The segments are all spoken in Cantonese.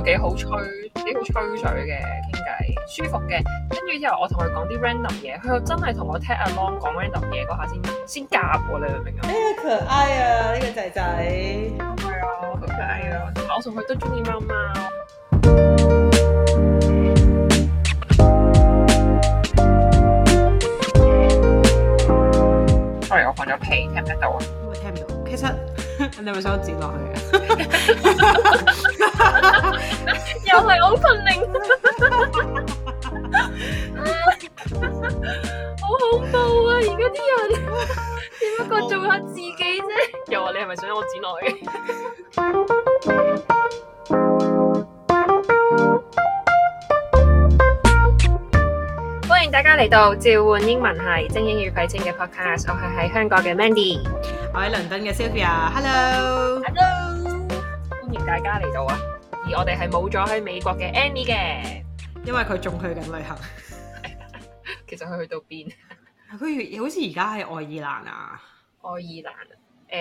幾好吹，幾好吹水嘅，傾偈舒服嘅。跟住之後，我同佢講啲 random 嘢，佢又真係同我聽 along 講 random 嘢，嗰下先，先夾我咧，明唔明啊？咩？呀，可愛、這個嗯、啊，呢個仔仔，係啊，好可愛啊！我同佢都中意貓貓。 sorry，我放咗屁，聽唔聽到啊？因為聽唔到。其實你係咪想剪落去啊？ 又係好困靈，好恐怖啊！而家啲人點一個做下自己啫？又話你係咪想我剪耐嘅？歡迎大家嚟到召喚英文係精英與廢青嘅 podcast，我係喺香港嘅 Mandy，我喺倫敦嘅 Sylvia，Hello，Hello，歡迎大家嚟到啊！我哋係冇咗喺美國嘅 Annie 嘅，因為佢仲去緊旅行。 其實佢去到邊？佢好似而家喺愛爾蘭啊！愛爾蘭，誒、呃，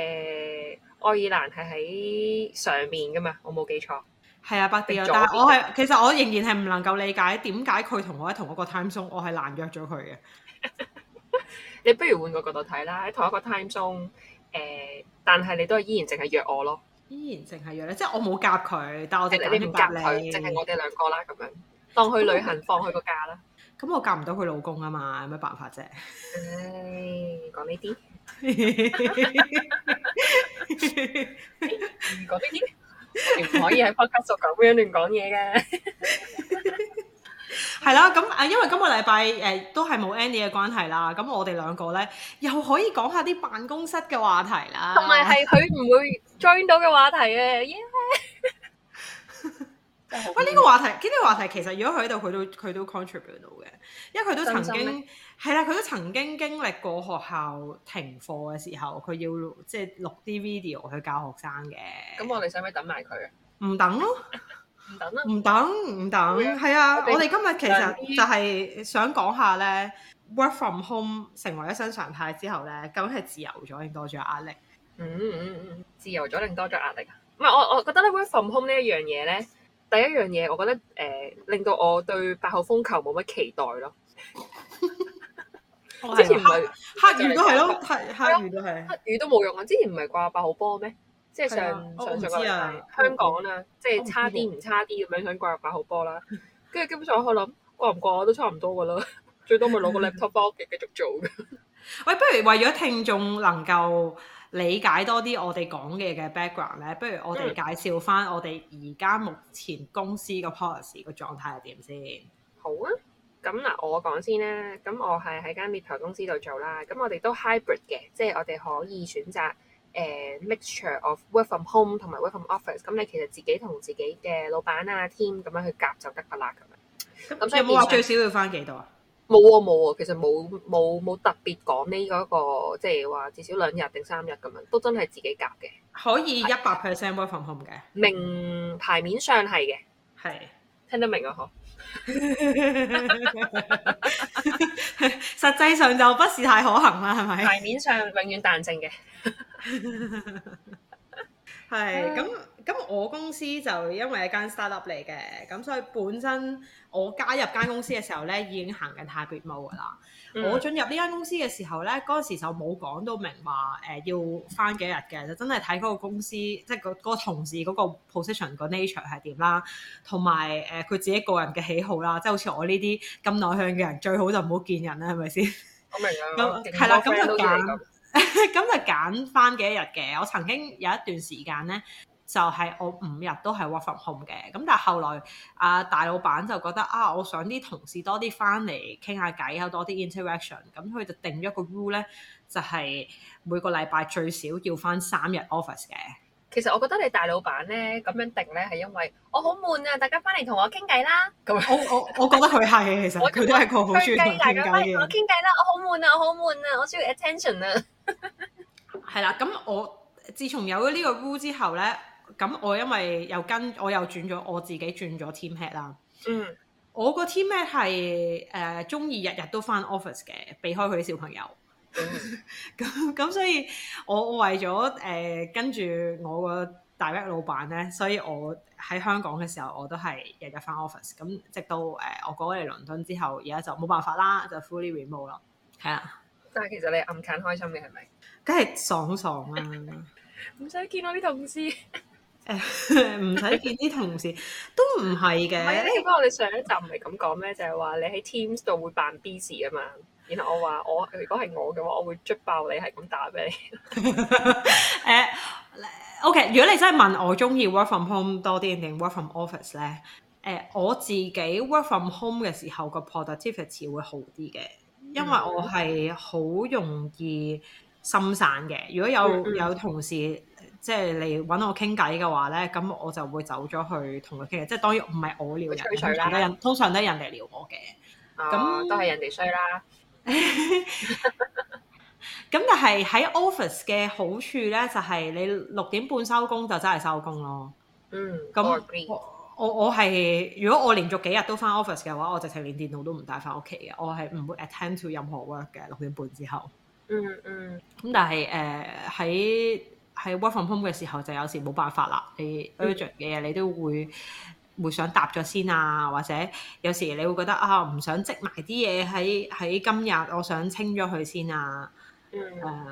愛爾蘭係喺上面噶嘛？我冇記錯。係啊，白地。但係，我係其實我仍然係唔能夠理解點解佢同我喺同一個 time zone，我係難約咗佢嘅。 你不如換個角度睇啦，喺同一個 time zone，誒，但係你都係依然淨係約我咯。依然淨係約咧，即係我冇夾佢，但係我哋兩唔夾佢，淨係、就是、我哋兩個啦咁樣，當去旅行、嗯、放佢個假啦。咁我夾唔到佢老公啊嘛，有咩辦法啫？唉，講呢啲、 欸，講呢啲，唔可以喺 Podcast 度咁樣亂講嘢嘅。 係啦，咁誒，因為今個禮拜誒都係冇 Andy 嘅關係啦，咁我哋兩個咧又可以講下啲辦公室嘅話題啦，同埋係佢唔會 join 到嘅話題啊！喂，呢個話題，呢 個話題其實如果佢喺度，佢都佢都 contribute 到嘅，因為佢都曾經係啦，佢、啊、都曾經經歷過學校停課嘅時候，佢要即係錄啲 video 去教學生嘅。咁我哋使唔使等埋佢啊？唔等咯。唔等唔等，唔等。係的啊！我哋今日其實就係想講下咧，work from home 成為一新常態之後咧，究竟係自由咗定多咗壓力？嗯嗯嗯，自由咗定多咗壓力？唔係我我覺得咧，work from home 呢一樣嘢咧，第一樣嘢，我覺得誒、呃，令到我對八號風球冇乜期待咯。 之前唔係黑雨都係咯，黑黑雨都係，黑雨都冇用啊！之前唔係掛八號波咩？即係上、哎、呀上上個、哦啊、香港啦，哦、即係差啲唔差啲咁樣想掛入八號波啦，跟住 基本上我諗過唔過都差唔多噶咯，最多咪攞個 laptop 翻屋企繼 續做。喂，不如為咗聽眾能夠理解多啲我哋講嘅嘅 background 咧，不如我哋介紹翻我哋而家目前公司個 policy 個狀態係點先？嗯、好啊，咁嗱我講先咧，咁我係喺間 data 公司度做啦，咁我哋都，都 hybrid 嘅，即係我哋可以選擇。誒、uh, mixture of work from home 同埋 work from office，咁你其實自己同自己嘅老闆啊、team 咁樣去夾就得噶啦，咁樣。咁所以最少要翻幾多啊？冇啊冇啊，其實冇冇冇特別講呢嗰個，即係話至少兩日定三日咁樣，都真係自己夾嘅。可以一百 percent work from home 嘅，明牌、yeah. 面上係嘅，係、yeah. 聽得明啊，嗬。 實際上就不是太可行啦，係咪？係，面上永遠彈性嘅。 係，咁咁我公司就因為一間 startup 嚟嘅，咁所以本身我加入間公司嘅時候咧，已經行緊 hybrid mode 噶啦。嗯、我進入呢間公司嘅時候咧，嗰陣時就冇講到明話誒要返幾日嘅，就真係睇嗰個公司，即係個同事嗰個 position 個 nature 係點啦，同埋誒佢自己個人嘅喜好啦。即係好似我呢啲咁內向嘅人，最好就唔好見人啦，係咪先？我明啊，咁係啦，咁就咁。咁就揀翻幾一日嘅，我曾經有一段時間呢，就係、是、我五日都係 work from home 嘅，咁但係後來啊大老闆就覺得啊，我想啲同事多啲翻嚟傾下偈有多啲 interaction，咁、嗯、佢就定咗個 rule 呢就係、是、每個禮拜最少要翻三日 office 嘅。其實我覺得你大老闆咧，咁樣定咧，係因為我好悶啊，大家翻嚟同我傾偈啦。咁 我我我覺得佢係其實佢我跟 都係個好處嚟，大家翻嚟同我傾偈啦，我好悶啊，我好悶啊，我需要 attention 啊。係 啦，咁我自從有咗呢個 rule 之後咧，咁我因為又跟我又轉咗我自己轉咗 team head 啦。嗯，我個 team head 係誒中意日日都翻 office 嘅，避開佢啲小朋友。咁咁、mm hmm. 呃，所以我為咗誒跟住我個 direct 老闆咧，所以我喺香港嘅時候，我都係日日返 office。咁直到誒、呃、我過咗嚟倫敦之後，而家就冇辦法啦，就 fully remote 咯。係啊，但係其實你暗間開心嘅係咪？梗係爽爽啊！唔使 見我啲同事。誒，唔使見啲同事都唔係嘅。咁、啊、我哋上一集唔係咁講咩？就係、是、話你喺 Teams 度會扮 busy 啊嘛。然後我話我如果係我嘅話，我會捽爆你係咁打俾你。誒、 uh,，OK。如果你真係問我鍾意 work from home 多啲定 work from office 咧？誒、uh,，我自己 work from home 嘅時候個 productivity 會好啲嘅，因為我係好容易心散嘅。Mm hmm. 如果有有同事即係嚟搵我傾偈嘅話咧，咁、mm hmm. 我就會走咗去同佢傾。即係當然唔係我撩人啦通常都係人哋撩我嘅。咁、oh, 那都係人哋衰啦。咁 但係喺 office 嘅好處咧，就係、是、你六點半收工就真係收工咯。嗯，咁我我係如果我連續幾日都返 office 嘅話，我直情連電腦都唔帶返屋企嘅。我係唔會 attend to 任何 work 嘅六點半之後。嗯嗯。咁、嗯、但係誒喺喺 work from home 嘅時候，就有時冇辦法啦。你 urgent 嘅嘢你都會。嗯會想搭咗先啊，或者有時你會覺得啊，唔想積埋啲嘢喺喺今日，我想清咗佢先啊。誒、mm. 呃，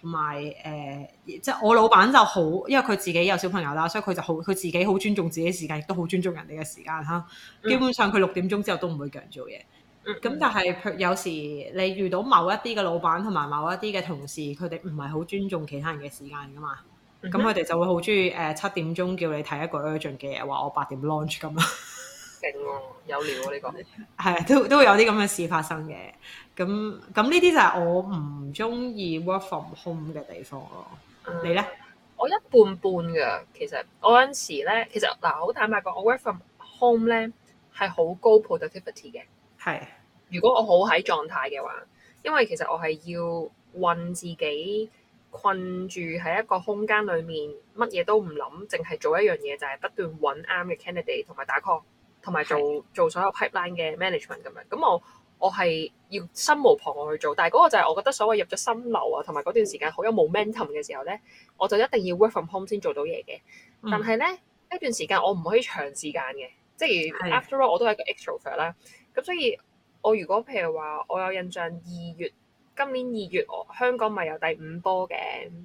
同埋誒，即係我老闆就好，因為佢自己有小朋友啦，所以佢就好，佢自己好尊重自己時間，亦都好尊重人哋嘅時間啦。Mm. 基本上佢六點鐘之後都唔會叫人做嘢。咁但係有時你遇到某一啲嘅老闆同埋某一啲嘅同事，佢哋唔係好尊重其他人嘅時間㗎嘛。咁佢哋就會好中意誒七點鐘叫你睇一個 urgent 嘅嘢，話我八點 launch 咁啊！勁 喎、哦，有料啊！呢個係啊，都都會有啲咁嘅事發生嘅。咁咁呢啲就係我唔中意 work from home 嘅地方咯。嗯、你咧呢？我一半半嘅，其實我有時咧，其實嗱，好、呃、坦白講，我 work from home 咧係好高 productivity 嘅。係是。如果我好喺狀態嘅話，因為其實我係要運自己。困住喺一個空間裏面，乜嘢都唔諗，淨係做一樣嘢就係、是、不斷揾啱嘅 candidate 同埋打 call，同埋做的做所有 pipeline 嘅 management 咁樣。咁我我係要心無旁騖去做，但係嗰個就係我覺得所謂入咗心流啊，同埋嗰段時間好有 momentum 嘅時候咧，我就一定要 work from home 先做到嘢嘅。但係咧，嗯、一段時間我唔可以長時間嘅，即係 after all 的我都係一個 extrovert 啦。咁所以，我如果譬如話，我有印象二月。今年二月，香港咪有第五波嘅，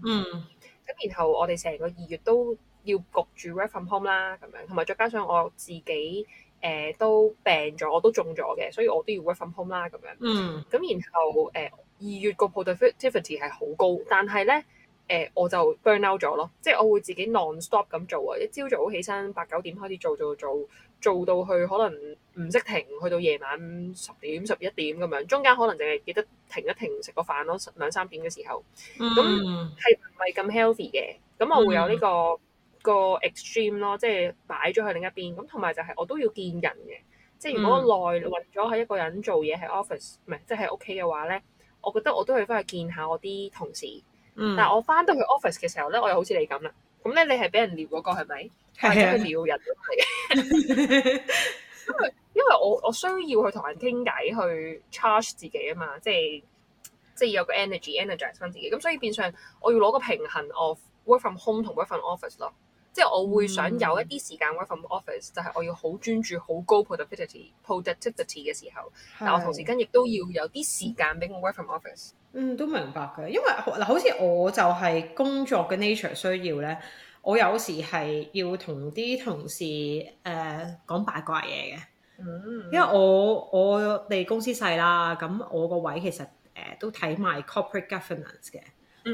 咁、嗯、然後我哋成個二月都要焗住 work from home 啦，咁樣，同埋再加上我自己誒、呃、都病咗，我都中咗嘅，所以我都要 work from home 啦，咁樣。嗯，咁然後誒二、呃、月個 productivity 係好高，但係咧。誒、呃、我就 burn out 咗咯，即係我會自己 non stop 咁做啊！一朝早起身八九點開始做做做，做到去可能唔識停，去到夜晚十點十一點咁樣，中間可能淨係記得停一停，食個飯咯，兩三點嘅時候。咁係唔係咁 healthy 嘅？咁我會有呢、這個、嗯、個 extreme 咯，即係擺咗去另一邊。咁同埋就係我都要見人嘅，即係如果耐混咗喺一個人做嘢喺 office 唔係即係喺屋企嘅話咧，我覺得我都係返去見下我啲同事。嗯，但係我翻到去 office 嘅時候咧，我又好似你咁啦。咁咧，你係俾人撩嗰、那個係咪？或者係撩人嚟？因為 因為我我需要去同人傾偈去 charge 自己啊嘛，即係即係有個 energy energize 翻自己。咁所以變相我要攞個平衡，of work from home 同 work from office 咯。即係我會想有一啲時間 work from office、嗯、就係我要好專注、好高 productivity、productivity 嘅時候。是但我同時間亦都要有啲時間俾我 work from office。嗯，都明白嘅，因為嗱，好似我就係工作嘅 nature 需要咧，我有時係要同啲同事誒講、呃、八卦嘢嘅。嗯，因為我我哋公司細啦，咁我個位其實誒、呃、都睇埋 corporate governance 嘅。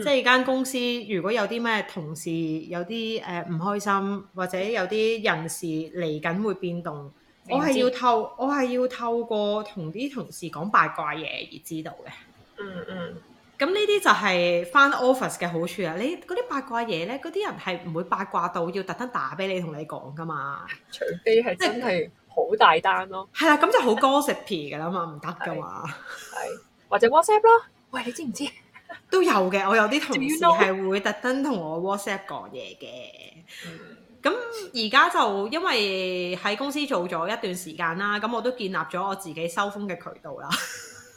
即係間公司如果有啲咩同事有啲誒唔開心，或者有啲人事嚟緊會變動，我係要透，我係要透過同啲同事講八卦嘢而知道嘅、嗯。嗯嗯，咁呢啲就係翻 office 嘅好處啦！你嗰啲八卦嘢咧，嗰啲人係唔會八卦到要特登打俾你同你講噶嘛？除非係真係好但大單咯。係啦，咁、啊、就好 gossipy 噶啦嘛，唔得噶嘛。係或者 WhatsApp 咯？喂，你知唔知？ 都有嘅，我有啲同事係會特登同我 WhatsApp 講嘢嘅。咁而家就因為喺公司做咗一段時間啦，咁我都建立咗我自己收風嘅渠道啦。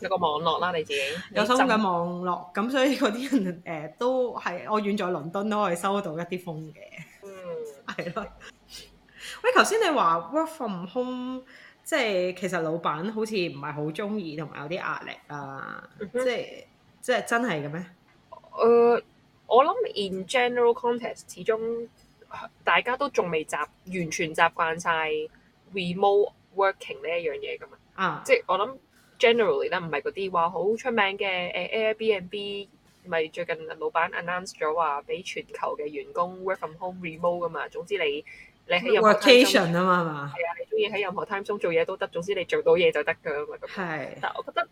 有一個網絡啦，你自己你有收風嘅網絡，咁所以嗰啲人誒、呃、都係我遠在倫敦都可以收到一啲風嘅。嗯，係咯。 喂，頭先你話 work from home，即係其實老闆好似唔係好中意，同埋有啲壓力啊，嗯、哼即係。即係真係嘅咩？誒、呃，我諗 in general context，始終大家都仲未習完全習慣晒 remote working、uh, 呢一樣嘢噶嘛。啊！即係我諗 generally 咧，唔係嗰啲話好出名嘅誒 Airbnb，咪最近老闆 announce 咗話俾全球嘅員工 work from home remote 噶嘛。總之你你喺任何 time 啊嘛，係啊，你中意喺任何 time zone 做嘢都得，總之你做到嘢就得㗎嘛。係的，但係我覺得。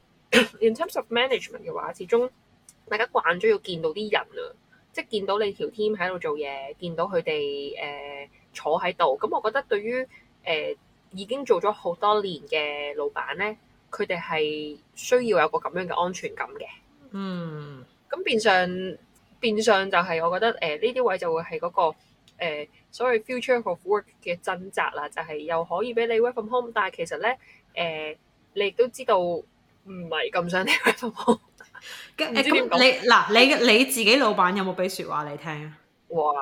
In terms of management 嘅話，始終大家慣咗要見到啲人啊，即係見到你條 team 喺度做嘢，見到佢哋誒坐喺度。咁我覺得對於誒、呃、已經做咗好多年嘅老闆咧，佢哋係需要有個咁樣嘅安全感嘅。嗯，咁變相變相就係我覺得誒呢啲位就會係嗰、那個誒、呃、所謂 future of work 嘅掙扎啦，就係、是、又可以俾你 work from home，但係其實咧誒、呃、你亦都知道。唔係咁想聽服務。咁、 啊、你嗱你你自己老闆有冇俾説話你聽？哇！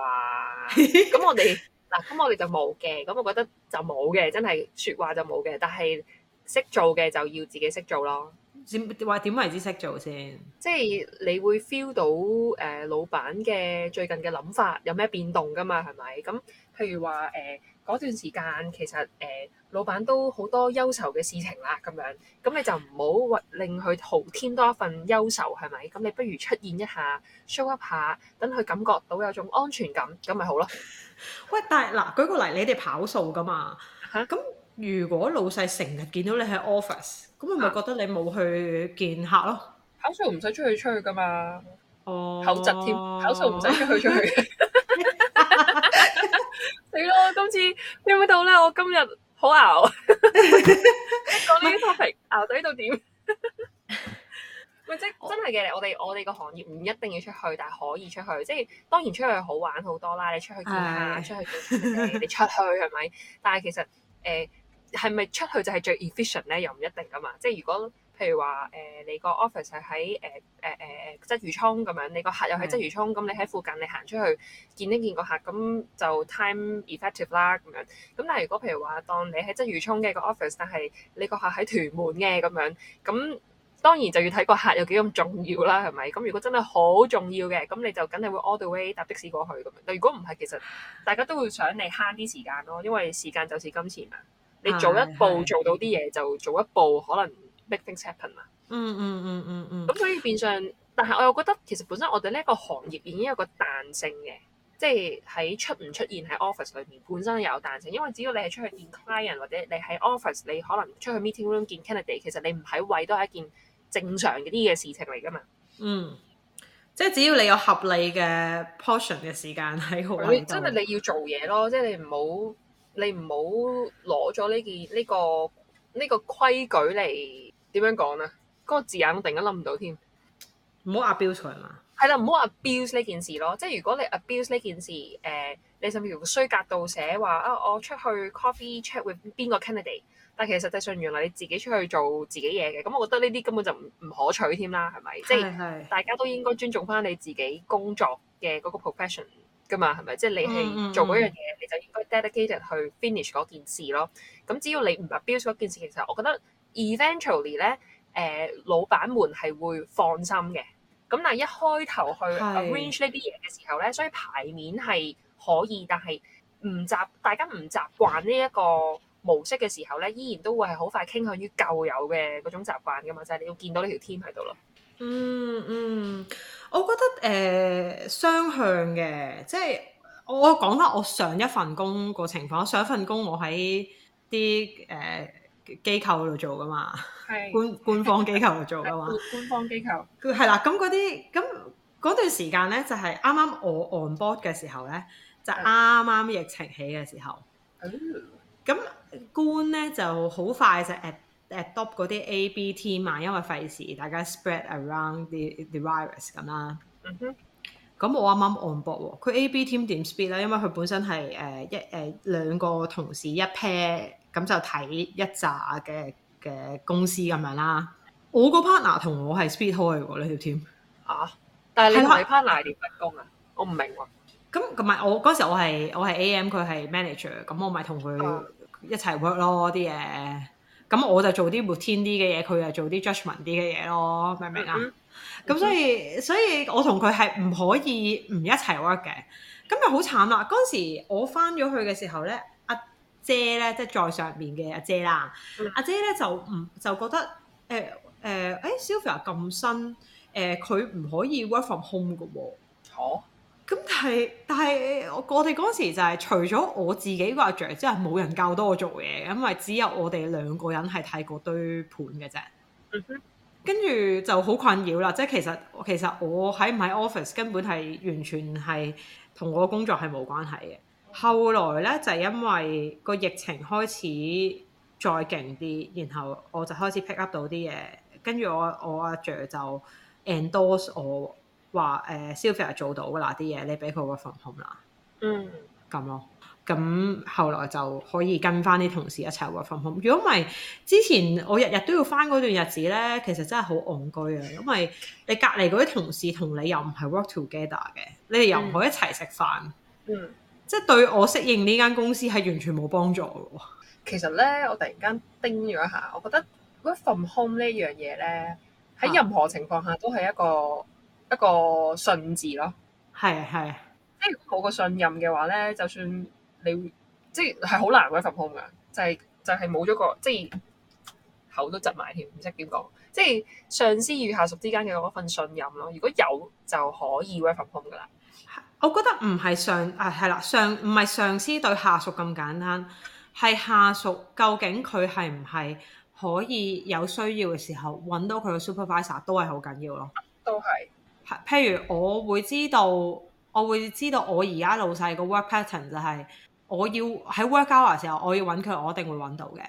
咁我哋嗱咁我哋就冇嘅。咁我覺得就冇嘅，真係説話就冇嘅。但係識做嘅就要自己識做咯。點話點為之識做先？即係你會 feel 到誒、呃、老闆嘅最近嘅諗法有咩變動㗎嘛？係咪咁？譬如話誒嗰段時間其實誒、呃、老闆都好多憂愁嘅事情啦咁樣，咁你就唔好令佢徒添多一份憂愁係咪？咁你不如出現一下 show up 一下，等佢感覺到有種安全感咁咪好咯。喂，但係嗱、呃、舉個例，你哋跑數噶嘛嚇？咁、啊、如果老細成日見到你喺 office，咁係咪覺得你冇去見客咯？啊、跑數唔使出去出去噶嘛，哦、uh，口窒添，跑數唔使出去出去。 係咯， 今次你冇到咧，我今日好熬，一講呢個 topic 熬到呢度點，即真係嘅。我哋我哋個行業唔一定要出去，但係可以出去。即係當然出去好玩好多啦，你出去見下，uh、出去做，你出去係咪？但係其實誒，係咪出去就係最 efficient 咧？又唔一定噶嘛。即係如果。譬如話誒、呃，你個 office 係喺誒誒誒誒鰂魚涌咁樣，你個客又喺鰂魚涌，咁、嗯、你喺附近，你行出去見一見個客，咁就 time effective 啦。咁樣咁，但係如果譬如話，當你喺鰂魚涌嘅個 office，但係你個客喺屯門嘅咁樣，咁當然就要睇個客有幾咁重要啦。係咪咁？如果真係好重要嘅，咁你就梗係會 all the way 搭的士過去咁樣。但如果唔係，其實大家都會想你慳啲時間咯，因為時間就是金錢嘛。你做一步做到啲嘢，嗯、就做一步、嗯、做一步可能。Big things happen 嘛、嗯？嗯嗯嗯嗯嗯。咁、嗯、所以變相，但係我又覺得其實本身我哋呢一個行業已經有個彈性嘅，即係喺出唔出現喺 office 裏面本身有彈性，因為只要你係出去見 client 或者你喺 office，你可能出去 meeting room 見 candidate，其實你唔喺位都係一件正常啲嘅事情嚟噶嘛。嗯，即係只要你有合理嘅 portion 嘅時間喺個運動，真係你要做嘢咯，即係你唔好你唔好攞咗呢件呢、呢個呢、呢個規矩嚟。點樣講咧？嗰、那個字眼我突然間諗唔到添。唔好 abuse 係嘛？係啦，唔好 abuse 呢件事咯。即係如果你 abuse 呢件事，誒、呃，你甚至乎衰格到寫話啊，我出去 coffee chat with 邊個 candidate，但其實實際上原來你自己出去做自己嘢嘅。咁我覺得呢啲根本就唔可取添啦，係咪？是是即係大家都應該尊重翻，你自己工作嘅嗰個 profession 噶嘛，係咪？即係你係做嗰樣嘢，嗯嗯你就應該 dedicated 去 finish 嗰件事咯。咁只要你唔 abuse 嗰件事，其實我覺得。Eventually 咧、呃，誒老闆們係會放心嘅。咁但係一開頭去 arrange 呢啲嘢嘅時候咧，是所以牌面係可以，但係唔習大家唔習慣呢一個模式嘅時候咧，依然都會係好快傾向於舊有嘅嗰種習慣㗎嘛，就係、是、你要見到呢條 team 喺度咯。嗯嗯，我覺得誒、呃、雙向嘅，即係我講返我，我上一份工個情況，上一份工我喺啲誒。呃機構度做噶嘛，是官官方機構做噶嘛， 官方機構，佢係啦。咁嗰啲咁嗰段時間咧，就係啱啱我 onboard 嘅時候咧，就啱啱疫情起嘅時候。咁、嗯、官咧就好快就 ad, adopt 嗰啲 AB team 嘛，因為費事大家 spread around the, the virus 咁啦。嗯哼，咁我啱啱 onboard 喎，佢 AB team 點 split 咧？因為佢本身係誒一誒兩個同事一 pair。咁就睇一紮嘅嘅公司咁樣啦。我，part 我、嗰個 partner 同我係 speed hire 喎，呢條 team。啊，但係你個 partner 係點分工啊？我唔明喎、啊。咁同埋我嗰時我係我係 AM，佢係 manager，咁我咪同佢一齊 work 咯啲嘢。咁我就做啲 routine 啲嘅嘢，佢又做啲 judgement 啲嘅嘢咯，明唔明啊？咁、嗯嗯、所以，、嗯、所以所以我同佢係唔可以唔一齊 work 嘅。咁咪好慘啦！嗰時我翻咗去嘅時候咧。姐咧，即係在上面嘅阿姐啦。阿、mm hmm. 姐咧就唔就覺得誒誒誒，Sylvia 咁新誒，佢、呃、唔可以 work from home 嘅喎、哦。咁、oh. 但係但係我我哋嗰時就係、是、除咗我自己個阿姐之外，冇、就是、人教到我做嘢，因為只有我哋兩個人係睇過堆盤嘅啫。跟住、mm hmm. 就好困擾啦。即係其實其實我喺唔喺 office 根本係完全係同我嘅工作係冇關係嘅。後來咧就係、是、因為個疫情開始再勁啲，然後我就開始 pick up 到啲嘢，跟住我我阿 sir、啊 er、就 endorse 我話誒，Sylvia 做到嗱啲嘢，你俾佢 work from home 啦、嗯，嗯，咁咯，咁後來就可以跟翻啲同事一齊 work from home。如果唔係之前我日日都要翻嗰段日子咧，其實真係好戇居啊，因為你隔離嗰啲同事同你又唔係 work together 嘅，你哋又唔可以一齊食飯，嗯。即係對我適應呢間公司係完全冇幫助喎。其實咧，我突然間叮咗一下，我覺得如果 work from home 呢樣嘢咧，喺、啊、任何情況下都係一個一個信字咯。係係。即係如果冇個信任嘅話咧，就算你會即係好難嘅 work from home 嘅，就係、是、就係冇咗個即係口都窒埋添，唔識點講。即係上司與下屬之間嘅嗰份信任咯。如果有就可以 work from home 嘅啦。我覺得唔係上啊，係啦，上唔係上司對下屬咁簡單，係下屬究竟佢係唔係可以有需要嘅時候揾到佢嘅 supervisor 都係好緊要咯，都係。譬如我會知道，我會知道我而家老細個 work pattern 就係，我要喺 work hour 時候我要揾佢，我一定會揾到嘅。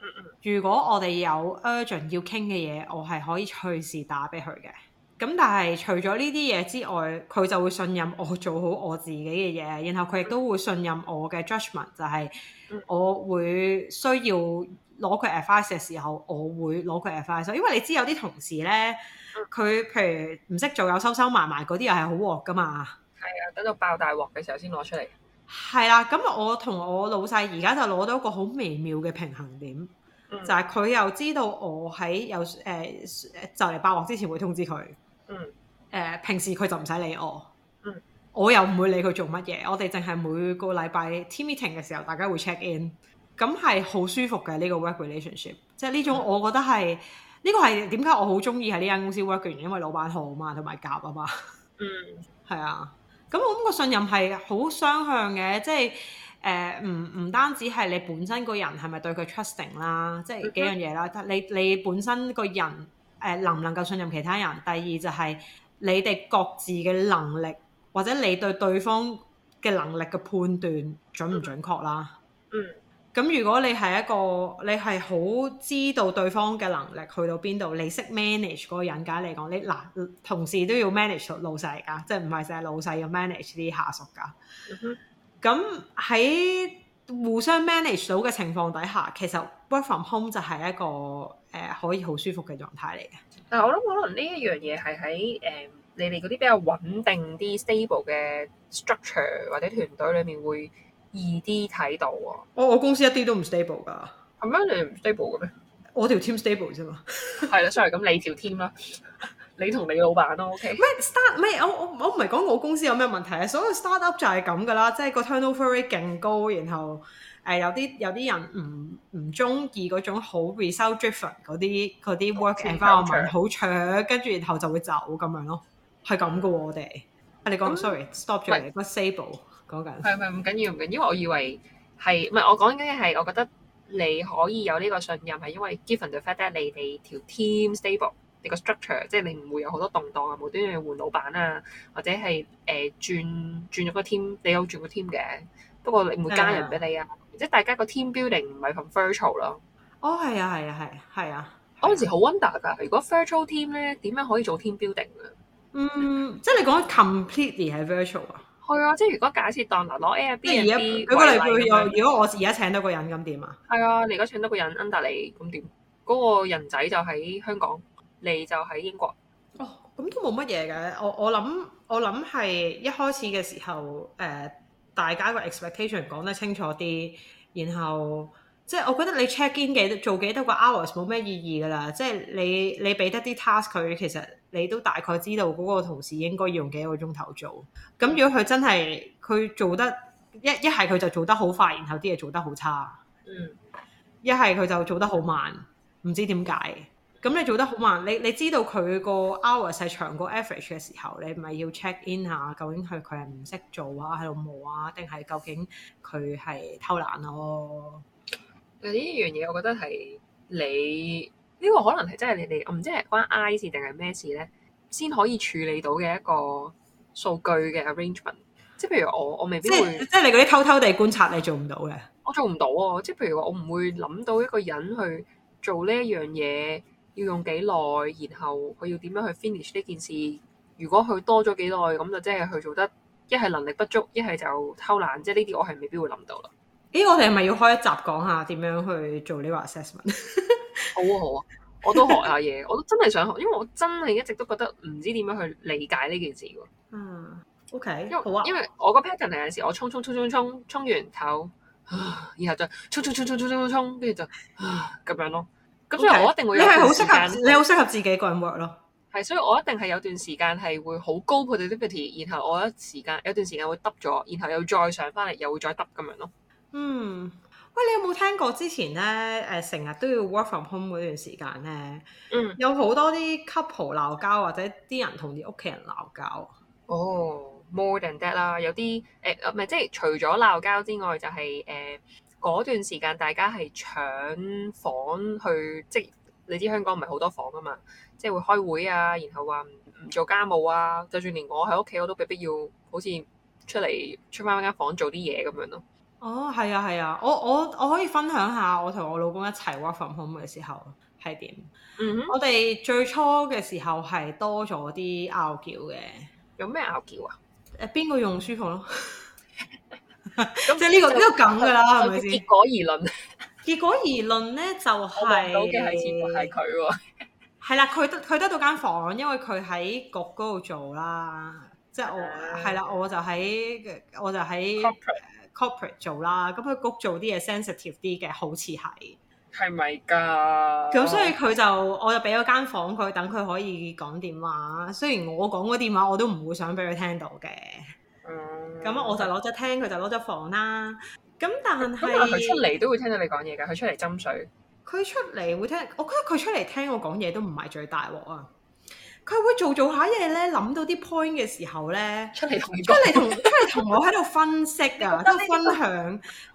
嗯嗯，如果我哋有 urgent 要傾嘅嘢，我係可以隨時打俾佢嘅。咁但係除咗呢啲嘢之外，佢就會信任我做好我自己嘅嘢，然後佢亦都會信任我嘅 judgment 就係我會需要攞佢 advice 嘅時候，我會攞佢 advice。因為你知有啲同事咧，佢譬如唔識做，有收收埋埋嗰啲又係好惡噶嘛，係啊，等到爆大鑊嘅時候先攞出嚟。係啦、啊，咁、嗯嗯、我同我老細而家就攞到一個好微妙嘅平衡點，就係、是、佢又知道我喺有誒就嚟爆鑊之前會通知佢。嗯，誒、呃，平時佢就唔使理我，嗯，我又唔會理佢做乜嘢，我哋淨係每個禮拜 team meeting 嘅時候，大家會 check in，咁係好舒服嘅呢、這個 work relationship，即係呢種我覺得係呢、嗯、個係點解我好中意喺呢間公司 work in，因，因為老闆好嘛啊嘛，同埋夾啊嘛，嗯，係 啊，咁我諗個信任係好雙向嘅，即係誒，唔、呃、唔單止係你本身個人係咪對佢 trusting 啦，即係幾樣嘢啦，嗯、但你你本身個人。誒能唔能夠信任其他人？第二就係、是、你哋各自嘅能力，或者你對對方嘅能力嘅判斷準唔準確啦。嗯，咁如果你係一個你係好知道對方嘅能力去到邊度，你識 manage 嗰個人㗎。你講，你嗱同事都要 manage 老細㗎，即係唔係淨係老細要 manage 啲下屬㗎？咁喺、嗯、哼互相 manage 到嘅情況底下，其實 work from home 就係一個。誒、呃、可以好舒服嘅狀態嚟嘅，但係我諗可能呢一樣嘢係喺誒你哋嗰啲比較穩定啲 stable 嘅 structure 或者團隊裡面會易啲睇到啊！我我公司一啲都唔 stable 㗎，咁樣你唔 stable 嘅咩？我條 team stable 啫嘛，係啦，所以 Sorry，咁你條 team 啦，你同你老闆咯、啊，OK？咩 start 咩？我我我唔係講我公司有咩問題啊，所有 startup 就係咁㗎啦，即係個 turnover 勁高，然後。誒有啲有啲人唔唔中意嗰種好 result driven 嗰啲嗰啲 working 翻我問好搶，跟住然後就會走咁樣咯，係咁噶喎。我哋你講 sorry stop 住嚟。嗰 stable 講緊係咪唔緊要唔緊要？因為我以為係唔係我講緊嘅係我覺得你可以有呢個信任係因為 given the fact that 你哋條 team stable 你個 structure 即係你唔會有好多動盪啊，無端端換老闆啊，或者係誒轉轉咗個 team 你有轉過 team 嘅，不過你唔會加人俾你啊。即係大家個 team building 唔係咁 virtual 咯。哦，係啊，係啊，係，係啊。嗰陣、啊、時好 wonder 㗎。如果 virtual team 咧，點樣可以做 team building 啊？嗯，即係你講 completely 係 virtual 啊？係啊，即係如果假設當嗱攞 Airbnb，如果我而家請到個人咁點啊？係啊， 嗯、你而家請到個人，under 你咁點？嗰個人仔就喺香港，你就喺英國。哦，咁都冇乜嘢嘅。我我諗我諗係一開始嘅時候，誒、呃。大家個 expectation 講得清楚啲，然後即係我覺得你 check in 幾多做幾多個 hours 冇咩意義噶啦，即係你你俾得啲 task 佢，其實你都大概知道嗰個同事應該要用幾多個鐘頭做。咁如果佢真係佢做得一一係佢就做得好快，然後啲嘢做得好差，嗯，一係佢就做得好慢，唔知點解。咁、嗯、你做得好慢，你你知道佢個 hour 係長過 average 嘅時候，你咪要 check in 下、啊，究竟係佢係唔識做啊，喺度磨啊，定係究竟佢係偷懶咯、啊？呢樣嘢我覺得係你呢、呢個可能係真係你哋，我唔知係關 I 事定係咩事咧，先可以處理到嘅一個數據嘅 arrangement。即係譬如我我未必會，即係你嗰啲偷偷哋觀察你做唔到嘅，我做唔到啊！即係譬如話，我唔會諗到一個人去做呢一樣嘢。要用幾耐，然後佢要點樣去 finish 呢件事？如果佢多咗幾耐，咁就即係佢做得一係能力不足，一係就偷懶，即係呢啲我係未必會諗到啦。咦？我哋係咪要開一集講下點樣去做呢個 assessment？好啊好啊，我都學下嘢，我都真係想學，因為我真係一直都覺得唔知點樣去理解呢件事喎。嗯、mm，OK，因為好、啊、因為我個 pattern 係有時我衝衝衝衝衝衝完唞，然後就衝衝衝衝衝衝衝，跟住就啊咁樣咯。咁所以，我一定會有段時間，你好適，適合自己個人 work 咯。係，所以我一定係有段時間係會好高 productivity，然後我一時間有段時間會得咗，然後又再上翻嚟，又會再得咁樣咯。嗯，喂，你有冇聽過之前咧？誒、呃，成日都要 work from home 嗰段時間咧？嗯，有好多啲 couple 鬧交，或者啲人同啲屋企人鬧交。哦，more than that 啦，有啲誒，唔、呃、係即係除咗鬧交之外、就係，就係誒。嗰段時間，大家係搶房去，即係你知香港唔係好多房㗎嘛，即係會開會啊，然後話唔做家務啊，就算連我喺屋企我都被逼要好似出嚟出翻間房做啲嘢咁樣咯。哦，係啊，係啊，我我我可以分享下我同我老公一齊 work from home 嘅時候係點。嗯、mm hmm. 我哋最初嘅時候係多咗啲拗撬嘅。有咩拗撬啊？誒、呃，邊個用舒服咯？ 即係、這、呢個呢個咁噶啦，係咪先？結果而論，是是結果而論咧就係、是、 我諗到嘅係，係佢喎。係 啦，佢得佢得到間房，因為佢喺局嗰度做啦。即係我係啦， 我就喺我就喺 corporate 做啦。咁佢局做啲嘢 sensitive 啲嘅，好似係係咪噶？咁所以佢就我就俾咗間房佢，等佢可以講電話。雖然我講個電話，我都唔會想俾佢聽到嘅。咁我就攞咗廳，佢就攞咗房啦。咁但係，佢出嚟都會聽到你講嘢㗎。佢出嚟斟水，佢出嚟會聽。我覺得佢出嚟聽我講嘢都唔係最大鑊啊。佢會做做下嘢咧，諗到啲 point 嘅時候咧，出嚟來同，出嚟同，出嚟同我喺度分析啊， 都分享。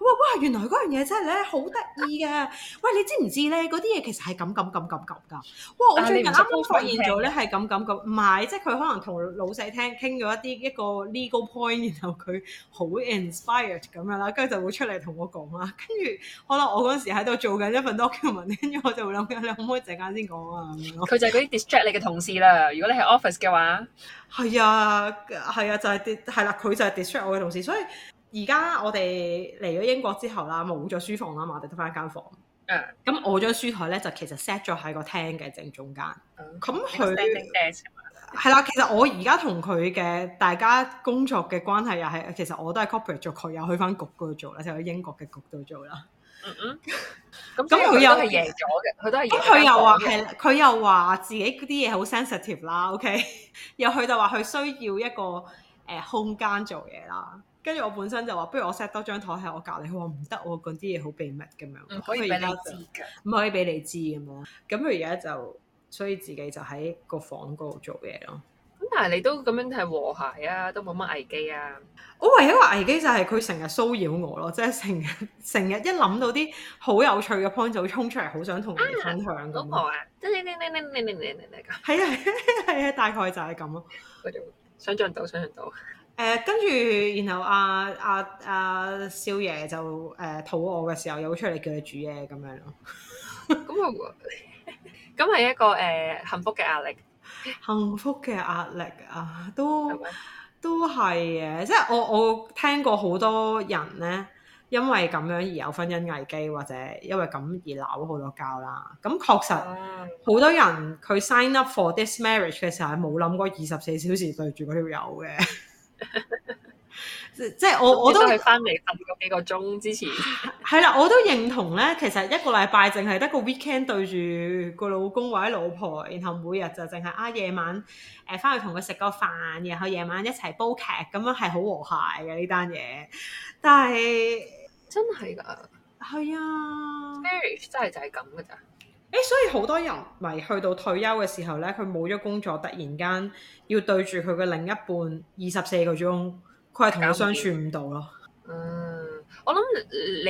哇哇，原來嗰樣嘢真係咧好得意嘅。喂，你知唔知咧？嗰啲嘢其實係咁咁咁咁咁㗎。哇！我最近啱啱發現咗咧係咁咁咁，唔係、啊，即係佢可能同老細聽傾咗一啲一個 legal point，然後佢好 inspired 咁樣啦，跟住就會出嚟同我講啦。跟住可能我嗰時喺度做緊一份 document，跟住我就會諗緊，你可唔可以陣間先講啊？佢就係嗰啲 distract 你嘅同事啦。 如果你係 office 嘅話，係啊，係啊，就係係啦，佢、啊、就係 distract 我嘅同事，所以而家我哋嚟咗英國之後啦，冇咗書房啦嘛，我哋得翻一間房。嗯，咁我張書台咧就其實 set 咗喺個廳嘅正中間。咁佢係啦，其實我而家同佢嘅大家工作嘅關係又係，其實我都係 cooperate 咗佢，又去翻局度做啦，就喺英國嘅局度做啦。嗯、mm hmm. 嗯，咁咁佢又係贏咗嘅，佢都咁佢又話係，佢又話自己啲嘢好 sensitive 啦，OK， 又佢就話佢需要一個誒、呃、空間做嘢啦，跟住我本身就話，不如我 set 多張台喺我隔籬，佢話唔得，我嗰啲嘢好秘密咁樣，唔可以俾你知，唔可以俾你知咁咯，咁佢而家就所以自己就喺個房嗰度做嘢咯。但係你都咁樣係和諧啊，都冇乜危機啊！我唯一個危機就係佢成日騷擾我咯，即係成日成日一諗到啲好有趣嘅 point 就會衝出嚟，好想同你哋分享咁。好餓啊！叮叮叮叮叮叮叮叮叮咁。係啊係啊，大概就係咁咯。想像到、想像到。誒，跟住然後阿阿阿少爺就誒肚餓嘅時候又出嚟叫佢煮嘢咁樣咯。咁啊，咁係一個誒幸福嘅壓力。幸福嘅壓力啊，都係咪都係嘅，即係我我聽過好多人呢，因為咁樣而有婚姻危機，或者因為咁而鬧咗好多交啦。咁確實，好、啊、多人佢 sign up for this marriage 嘅時候，係冇諗過二十四小時對住嗰條友嘅。 即係我 我，我都係翻嚟瞓嗰幾個鐘之前。 係啦，我都認同咧。其實一個禮拜淨係得個 weekend 對住個老公或者老婆，然後每日就淨係啊夜晚誒翻、呃、去同佢食個飯，然後夜晚一齊煲劇咁樣係好和諧嘅呢單嘢。但係真係㗎，係啊，marriage 真係就係咁嘅咋？誒，所以好多人咪去到退休嘅時候咧，佢冇咗工作，突然間要對住佢嘅另一半二十四個鐘，佢係同佢相處唔到咯。嗯。我諗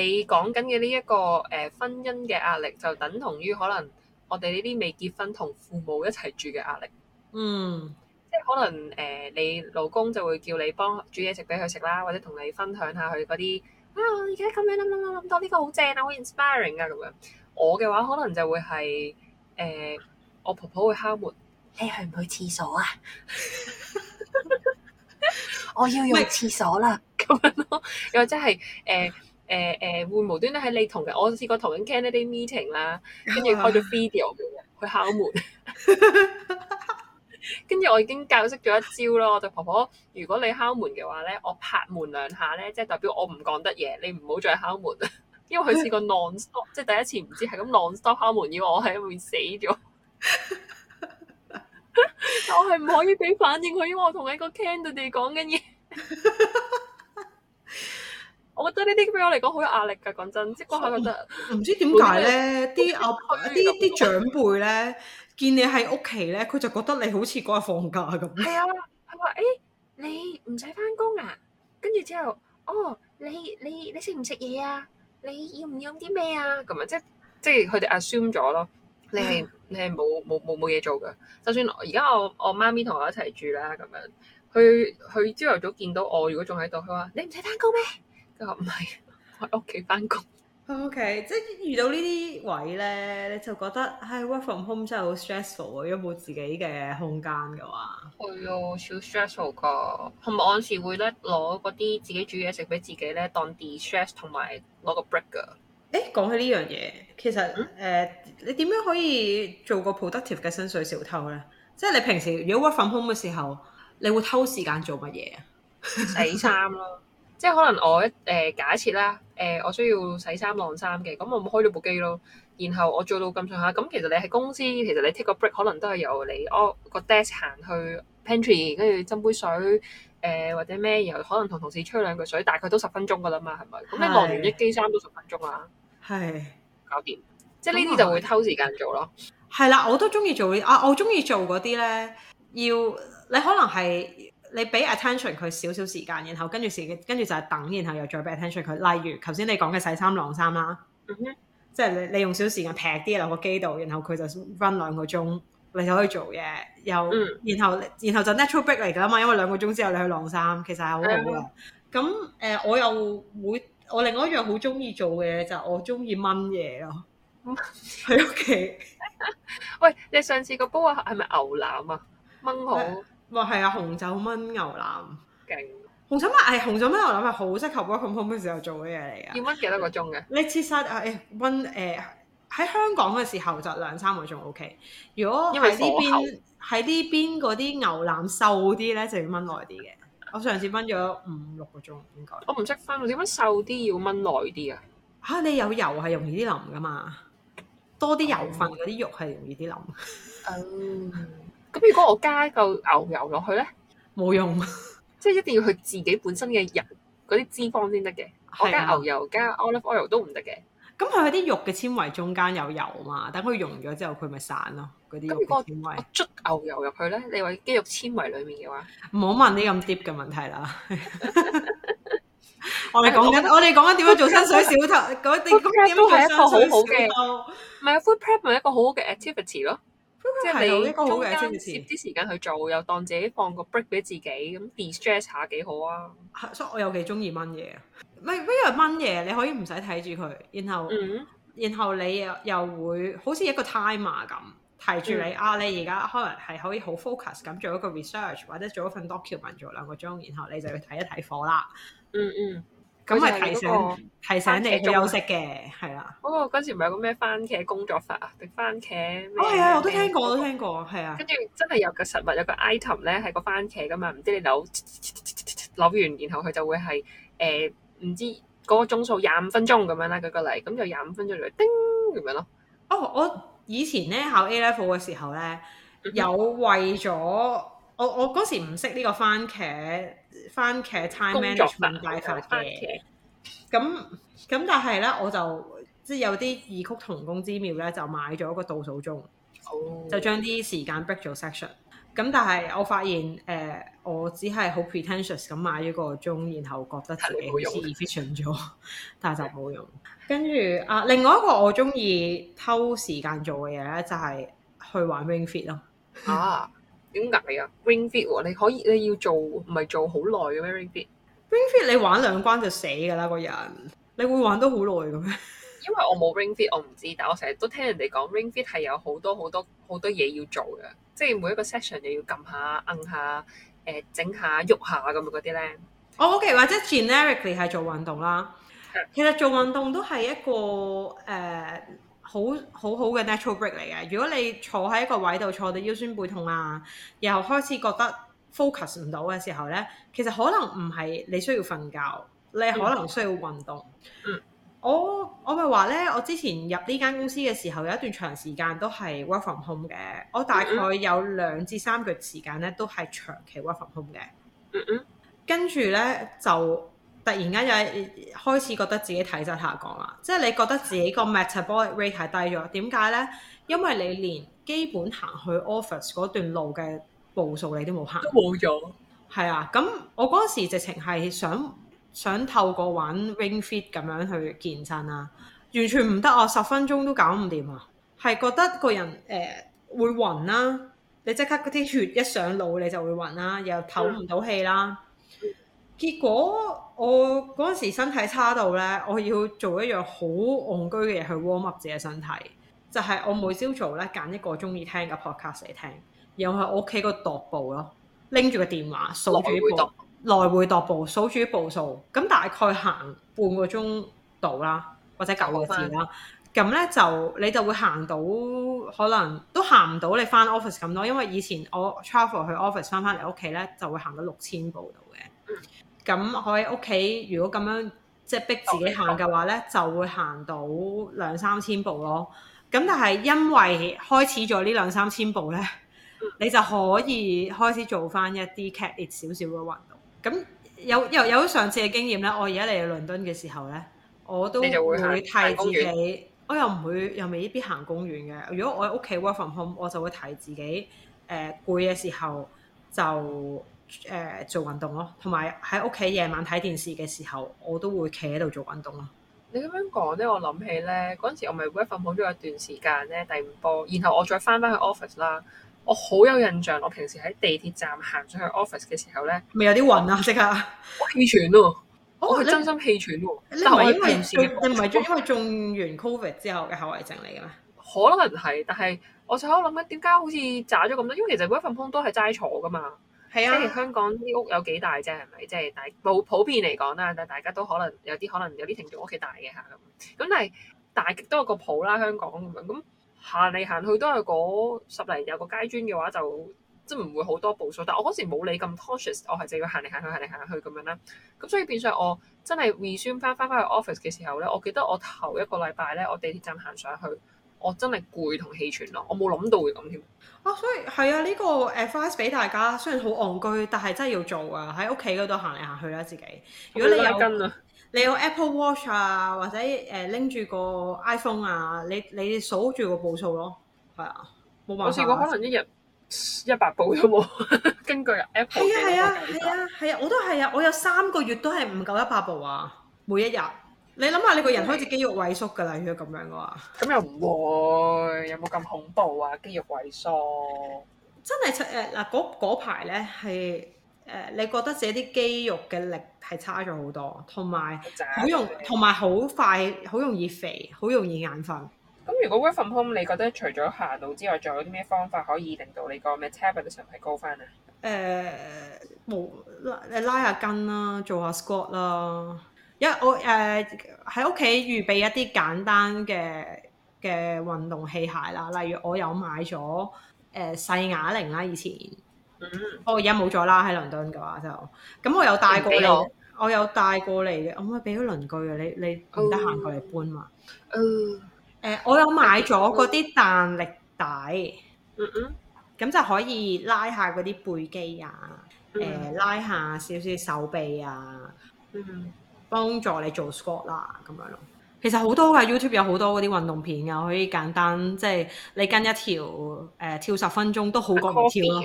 你講緊嘅呢一個誒、呃、婚姻嘅壓力，就等同於可能我哋呢啲未結婚同父母一齊住嘅壓力。嗯，即係可能誒、呃，你老公就會叫你幫煮嘢食俾佢食啦，或者同你分享下佢嗰啲啊而家，咁樣諗諗諗諗到，呢個好正啊，好 inspiring 啊，咁樣。我嘅話可能就會係誒、呃，我婆婆會敲門，你去唔去廁所啊？ 我要用廁所啦，咁樣咯，又或者係誒誒誒，會無端端喺你同嘅。我試過同緊 Canada meeting 啦，跟住開咗 video 嘅，去敲門。跟 住我已經教識咗一招咯，就婆婆，如果你敲門嘅話咧，我拍門兩下咧，即係代表我唔講得嘢，你唔好再敲門， stop, 敲門。因為佢試過 non stop，即係第一次唔知係咁 non stop 敲門，以為我喺裏面死咗。 我係唔可以俾反應佢，因為我同一個 candidate 講緊嘢。 我覺得呢啲對我嚟講好有壓力噶，講真。即係嗰下覺得唔知點解咧，啲阿啲啲長輩咧 見你喺屋企咧，佢就覺得你好似嗰日放假咁。係啊，佢話誒，你唔使翻工啊？跟住之後，哦，你你你食唔食嘢啊？你要唔要飲啲咩啊？咁啊，即係即係佢哋 assume 咗咯。你係你係冇冇冇冇嘢做㗎？就算而家我我，我媽咪同我一齊住啦，咁樣佢佢朝頭早見到我如果仲喺度，佢話你唔使翻工咩？佢，我唔係喺屋企翻工。OK，即係遇到呢啲位咧，你就覺得唉，work from home 真係好 stressful 啊！如果冇自己嘅空間嘅話，係啊、哦，超 stressful 噶，同埋我陣時會咧攞嗰啲自己煮嘢食俾自己咧當啲 stress 同埋攞個 break 嘅。誒，講起呢樣嘢，其實誒、嗯嗯、你點樣可以做個 productive 嘅薪水小偷咧？即係你平時如果 work from home 嘅時候，你會偷時間做乜嘢啊？洗衫咯， 即係可能我誒、呃、假設啦，誒、呃、我需要洗衫晾衫嘅，咁我開咗部機咯，然後我做到咁上下，咁其實你喺公司，其實你 take 個 break 可能都係由你屙、哦、個 desk 行去 pantry，跟住斟杯水誒、呃、或者咩，然後可能同同事吹兩句水，大概都十分鐘噶啦嘛，係咪？咁是你晾完一機衫都十分鐘啦。係，唉搞掂，即係呢啲就會偷時間做咯。係啦、嗯，我都中意做啊，我中意做嗰啲咧，要你可能係你俾 attention 佢少少時間，然後跟住時跟住就係等，然後又再俾 attention 佢。例如頭先你講嘅洗衫晾衫啦，即係、嗯、你你用少時間劈啲兩個機度，然後佢就分兩個鐘，你就可以做嘢，又、嗯、然後然後就 natural break 嚟噶啦嘛。因為兩個鐘之後你去晾衫，其實係好好用嘅。咁誒、嗯呃，我又會。我另外一樣好中意做嘅就係、我中意燜嘢咯，喺屋企。喂，你上次個煲啊係咪牛腩啊？燜好？咪係啊，紅酒燜牛腩，勁害、哎！紅酒燜，係紅酒燜牛腩係好適合 work from home 嘅時候做嘅嘢嚟噶。要燜幾多個鐘嘅？你切晒，誒燜誒喺香港嘅時候就兩三個鐘 OK。如果因為喺呢邊喺呢邊嗰啲牛腩瘦啲咧，就要燜耐啲嘅。我上次炆咗五六個鐘，應該我唔識炆，點解瘦啲要炆耐啲啊？吓，你有油係容易啲腍噶嘛？多啲油份嗰啲肉係容易啲腍。哦、嗯，咁 如果我加一嚿牛油落去咧，冇用， 即係一定要佢自己本身嘅油嗰啲脂肪先得嘅。啊、我加牛油加 olive oil 都唔得嘅。咁佢啲肉嘅纖維中間有油嘛？等佢溶咗之後，佢咪散咯。嗰啲肉纖維。捽牛油入去咧？你話肌肉纖維裏面嘅話，唔好問啲咁 deep 嘅問題啦。我哋講緊，我哋講緊點樣做薪水小偷？嗰啲咁點樣做薪水好嘅？唔係啊，food prep 係一個好 一個好嘅 activity 咯。一個好即係你中間接啲時間去做，又當自己放個 break 俾自己咁 destress 下幾好啊！所以我又幾中意掹嘢，咪因為掹嘢你可以唔使睇住佢，然後、嗯、然後你又又會好似一個 timer 咁提住你、嗯、啊！你而家可能係可以好 focus 咁做一個 research 或者做一份 document 做兩個鐘，然後你就去睇一睇火啦。嗯嗯。咁咪提醒提醒你休息嘅，係啦。嗰個嗰時咪有個咩番茄工作法啊？定番茄。哦，係啊，我都聽過，我都、嗰個、聽過，係啊。跟住真係有個實物，有個 item 咧係個番茄噶嘛，唔知你扭扭完，然後佢就會係誒唔知嗰、嗰個鐘數廿五分鐘咁樣啦，嗰、舉個例，咁就廿五分鐘嚟叮咁樣咯。哦，我以前咧考 A level 嘅時候咧， 有為咗。我我嗰時唔識呢個番茄番茄 time management 嘅，咁咁茄但係咧我就即係有啲異曲同工之妙咧，就買咗個倒數鐘，哦、就將啲時間 break 做 section。咁但係我發現誒、呃，我只係好 pretentious 咁買咗個鐘，然後覺得自己好似 efficient 咗， 但係就冇用。跟住是啊，另外一個我中意偷時間做嘅嘢咧，就係、是、去玩 Ring Fit 咯啊！點挨啊？Ring Fit、哦、你可以你要做唔係做好耐嘅咩 Ring Fit。Ring Fit 你玩兩關就死噶啦，個人。你會玩得好耐嘅咩？因為我冇 Ring Fit，我唔知。但我成日都聽人哋講 Ring Fit 係有好多好多好多嘢要做嘅，即係每一個 session 又要撳下、摁下、誒、呃、整下、喐下咁嗰啲咧。Oh, okay, 或者 generically 係做運動啦。Yeah. 其實做運動都係一個誒。Uh, 好,好好好嘅 natural break 嚟嘅。如果你坐喺一個位度坐到腰酸背痛啊，然後開始覺得 focus 唔到嘅時候咧，其實可能唔係你需要瞓覺，你可能需要運動。Mm hmm. 我我咪話咧，我之前入呢間公司嘅時候有一段長時間都係 work from home 嘅，我大概有兩至三個月時間咧都係長期 work from home 嘅。嗯嗯、mm，hmm. 跟住咧就。突然間又開始覺得自己體質下降啦，即係你覺得自己個 metabolic rate 係低咗，點解咧？因為你連基本行去 office 嗰段路嘅步數你都冇行，都冇咗。係啊，咁我嗰陣時直情係想想透過玩 ring fit 咁樣去健身啊，完全唔得啊！十分鐘都搞唔掂啊，係覺得個人誒、呃、會暈啦、啊，你即刻嗰啲血一上腦你就會暈啦、啊，又唞唔到氣啦。嗯結果我嗰陣時身體差到咧，我要做一樣好戇居嘅嘢去 warm up 自己身體，就係、是、我每朝早咧揀一個中意聽嘅 podcast 嚟聽，然後喺屋企度踱步咯，拎住個電話數住步，來回會踱步數住步數，咁大概行半個鐘度啦，或者九個字啦，咁咧分就你就會行到可能都行唔到你返 office 咁多，因為以前我 travel 去 office 返返嚟屋企咧就會行到六千步度嘅。咁我喺屋企，如果咁樣即係逼自己行嘅話咧，就會行到兩三千步咯。咁但係因為開始咗呢兩三千步咧， 你就可以開始做翻一啲劇烈少少嘅運動。咁有有有上次嘅經驗咧，我而家嚟到倫敦嘅時候咧，我都唔會提自己，我又唔會，又，會又未必行公園嘅。如果我喺屋企 work from home，我就會提自己誒攰嘅時候就。誒，做運動咯，同埋喺屋企夜晚睇電視嘅時候，我都會企喺度做運動咯。你咁樣講咧，我諗起咧，嗰陣時我咪 work from home 咗一段時間咧，第五波，然後我再翻翻去 office 啦。我好有印象，我平時喺地鐵站行上去 office 嘅時候咧，咪有啲暈啊！即刻氣喘咯， 我係真心氣喘你但是是你唔係因為 你唔係因為中完 covid 之後嘅後遺症嚟嘅咩？可能係，但係我就喺度諗緊，點解好似炸咗咁多？因為其實 work from home 都係齋坐噶嘛。係啊，香港啲屋有幾大啫，係咪？即係大冇普遍嚟講啦，但大家都可能有啲可能有啲聽眾屋企大嘅吓咁，咁但係大都有個譜啦，香港咁樣咁行嚟行去都係嗰十零有個階磚嘅話就即係唔會好多步數。但我嗰時冇你咁 cautious，我係就要行嚟行去行嚟行去咁樣啦。咁所以變相我真係 resume 翻翻翻去 office 嘅時候咧，我記得我頭一個禮拜咧，我地鐵站行上去。我真係攰同氣喘咯，我冇諗到會咁添。啊，所以係啊，呢、呢個 advice 俾大家，雖然好昂居，但係真係要做啊！喺屋企嗰度行嚟行去啦，自己。如果你有，啊，你有 Apple Watch 啊，或者誒拎住個 iPhone 啊，你你數住個步數咯。係啊，冇辦法、啊。我試過可能一日一百步都冇， 根據 Apple、啊。係啊係啊係啊係啊，我都係啊，我有三個月都係唔夠一百步啊，每一日。你諗下，你個人開始肌肉萎縮㗎啦，如果咁樣嘅話。咁又唔會，有冇咁恐怖啊？肌肉萎縮？真係誒嗱嗰排咧係誒，你覺得自己啲肌肉嘅力係差咗好多，同埋好容，同埋好快，好容易肥，好容易眼瞓。咁如果 Work from Home，你覺得除咗行路之外，仲有啲咩方法可以令到你個咩 Metabolic 嘅水平高翻啊？誒冇、你、拉拉下筋啦，做下 Squat 啦。因為、yeah, 我誒喺屋企預備一啲簡單嘅嘅運動器械啦，例如我有買咗誒細啞鈴啦，以前，嗯，我而家冇咗啦。喺、hmm. 哦、倫敦嘅話就，咁我有帶過嚟，我有帶過嚟嘅，我咪俾咗鄰居啊！你你唔得閒過嚟搬嘛？嗯、mm hmm. 呃，我有買咗嗰啲彈力帶，mm hmm. 嗯，咁就可以拉下嗰啲背肌啊，誒，拉下少少手臂啊，嗯。嗯嗯嗯嗯嗯幫助你做 sport 啦咁樣咯，其實好多嘅 YouTube 有好多嗰啲運動片啊，可以簡單即係、就是、你跟一條誒、呃、跳十分鐘都好過唔跳咯。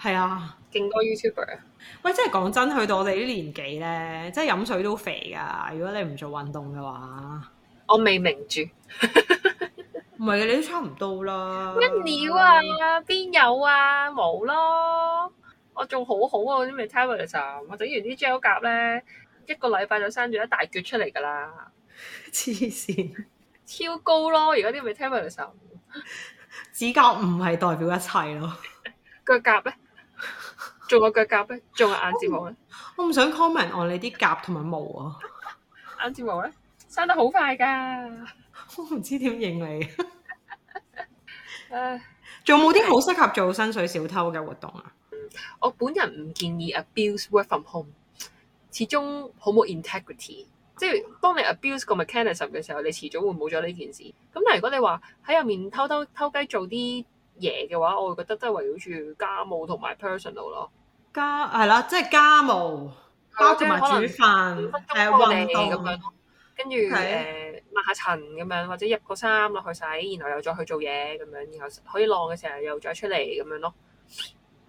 係啊，勁多 YouTuber。喂，真係講真，去到我哋啲年紀咧，即係飲水都肥噶。如果你唔做運動嘅話，我未明住，唔係啊，你都差唔多啦。乜 料啊？邊 有啊？冇咯。我仲好好啊，嗰啲 vitamin，我整完啲 gel 甲咧。一個禮拜就生咗一大撅出嚟噶啦，黐線，超高咯！而家啲咪聽埋個手指甲唔係代表一切咯，腳 甲咧，做個腳甲咧，做個眼睫毛咧，我唔想 comment 我你啲甲同埋毛啊， 眼睫毛咧生得好快噶，我唔 知點認你，仲有冇啲好適合做薪水小偷嘅活動啊？ 我本人唔建議 abuse work from home。始終好冇 integrity，即係當你 abuse 個 mechanism 嘅時候，你遲早會冇咗呢件事。咁但係如果你話喺入面偷偷偷雞做啲嘢嘅話，我會覺得都係圍繞住家務同埋 personal 咯。家係啦，即、啊、係、就是、家務，嗯、包括埋煮飯、開電器咁樣，跟住誒、啊啊、抹下塵咁樣，或者入個衫落去洗，然後又再去做嘢咁樣，然後可以晾嘅時候又再出嚟咁樣咯。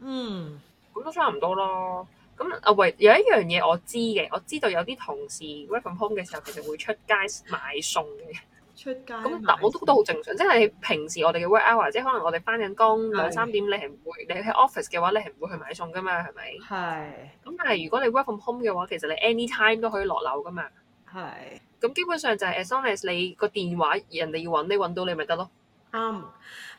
嗯，咁都差唔多咯。咁啊、嗯，喂，有一樣嘢我知嘅，我知道有啲同事 work from home 嘅時候，其實會出街買餸嘅。出街咁，但我都覺得好正常，即係你平時我哋嘅 work hour，即係可能我哋翻緊工兩三點你，你係唔會你喺 office 嘅話，你係唔會去買餸噶嘛，係咪？係的。咁但係如果你 work from home 嘅話，其實你 any time 都可以落樓噶嘛。係的。咁基本上就係 as long as 你個電話人哋要揾你揾到你咪得咯。啱，唔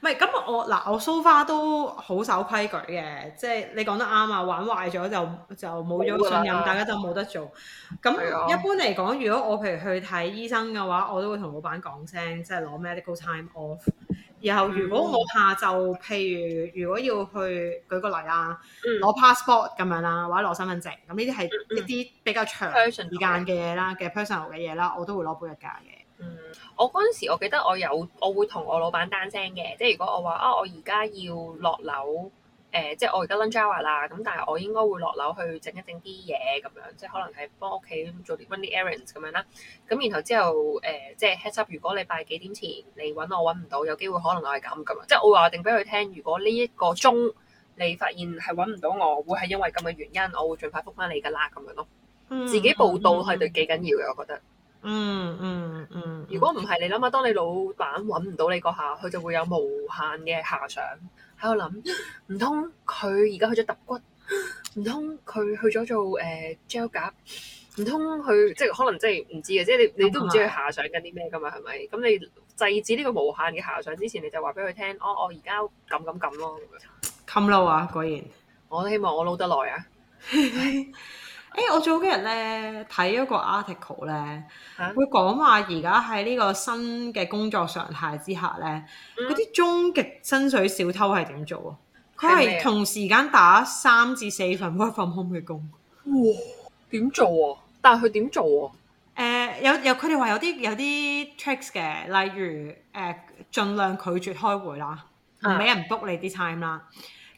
係咁我嗱我 so far 都好守規矩嘅，即係你講得啱啊！玩壞咗就就冇咗信任，啊、大家就冇得做。咁、啊、一般嚟講，如果我譬如去睇醫生嘅話，我都會同老闆講聲，即係攞 medical time off。然後如果我下晝、嗯、譬如如果要去舉個例啊，攞 passport 咁樣啦，或者攞身份證，咁呢啲係一啲比較長時間嘅嘢啦，嘅、嗯、personal 嘅嘢啦，我都會攞半日假嘅。嗯。我嗰陣時，我記得我有我會同我老闆單聲嘅，即係如果我話啊、哦，我而家要落樓，誒、呃，即係我而家 lunch hour 啦，咁但係我應該會落樓去整一整啲嘢咁樣，即係可能係幫屋企做啲 run the errands 咁樣啦。咁然後之後誒、呃，即係 heads up，如果你拜幾點前你揾我揾唔到，有機會可能我係咁咁啊，即係我話定俾佢聽，如果呢一個鐘你發現係揾唔到我，會係因為咁嘅原因，我會盡快覆返你噶啦，咁樣咯。自己報到係幾緊要嘅，mm hmm. 我覺得。嗯嗯嗯，嗯嗯如果唔係你諗下，當你老闆揾唔到你個下，佢就會有無限嘅遐想喺度諗，唔通佢而家去咗揼骨，唔通佢去咗做 gel 誒膠甲，唔通佢即係可能即係唔知嘅，即係你你都唔知佢遐想緊啲咩㗎嘛，係咪？咁你制止呢個無限嘅遐想之前，你就話俾佢聽，我我而家咁咁咁咯。冚撈啊！Come on, uh, 果然，我都希望我撈得耐啊～ 誒、欸，我早幾日咧睇一個 article 咧，啊、會講話而家喺呢個新嘅工作常態之下咧，嗰啲、嗯、終極薪水小偷係點做啊？佢係麼同時間打三至四份 work from home 嘅工。哇！點做啊？但係佢點做啊？有、呃、有，佢哋話有啲有啲 tricks 嘅，例如誒、呃，盡量拒絕開會啦，唔俾、啊、人 book 你啲 time 啦，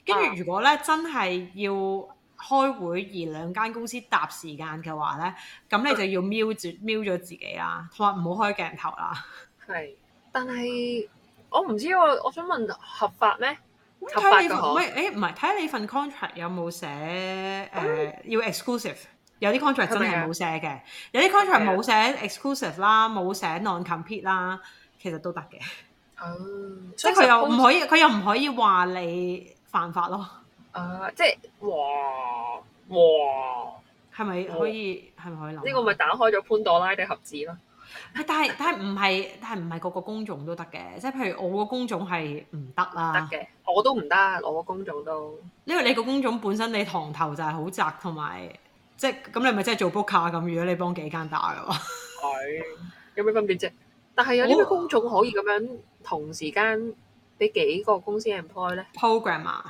跟住如果咧真係要，啊開會而兩間公司搭時間嘅話咧，咁你就要瞄住、嗯、瞄咗自己啦，同話唔好開鏡頭啦。係，但係我唔知我想問合法咩？睇你咩？誒唔係睇你份 contract 有冇寫誒、呃嗯、要 exclusive？有啲 contract 真係冇寫嘅，的有啲 contract 冇寫 exclusive 啦，冇的寫，寫 non-compete 啦，其實都得嘅。哦、即係佢又唔可以，佢、嗯、又唔可以話你犯法咯。啊！Uh, 即係哇哇，係咪可以係咪哇可以諗，呢個咪打開咗潘朵拉嘅盒子咯？係，但係但係唔係但係唔係個個工種都得嘅，即係譬如我個工種係唔得啦，得嘅我都唔得，我個工種都，因為你個工種本身你堂頭就係好窄，同埋即係咁，你咪真係做 booker 咁。如果你幫幾間打嘅話，係有咩分別啫？ 但係有咩工種可以咁樣同時間俾幾個公司 employ？Programmer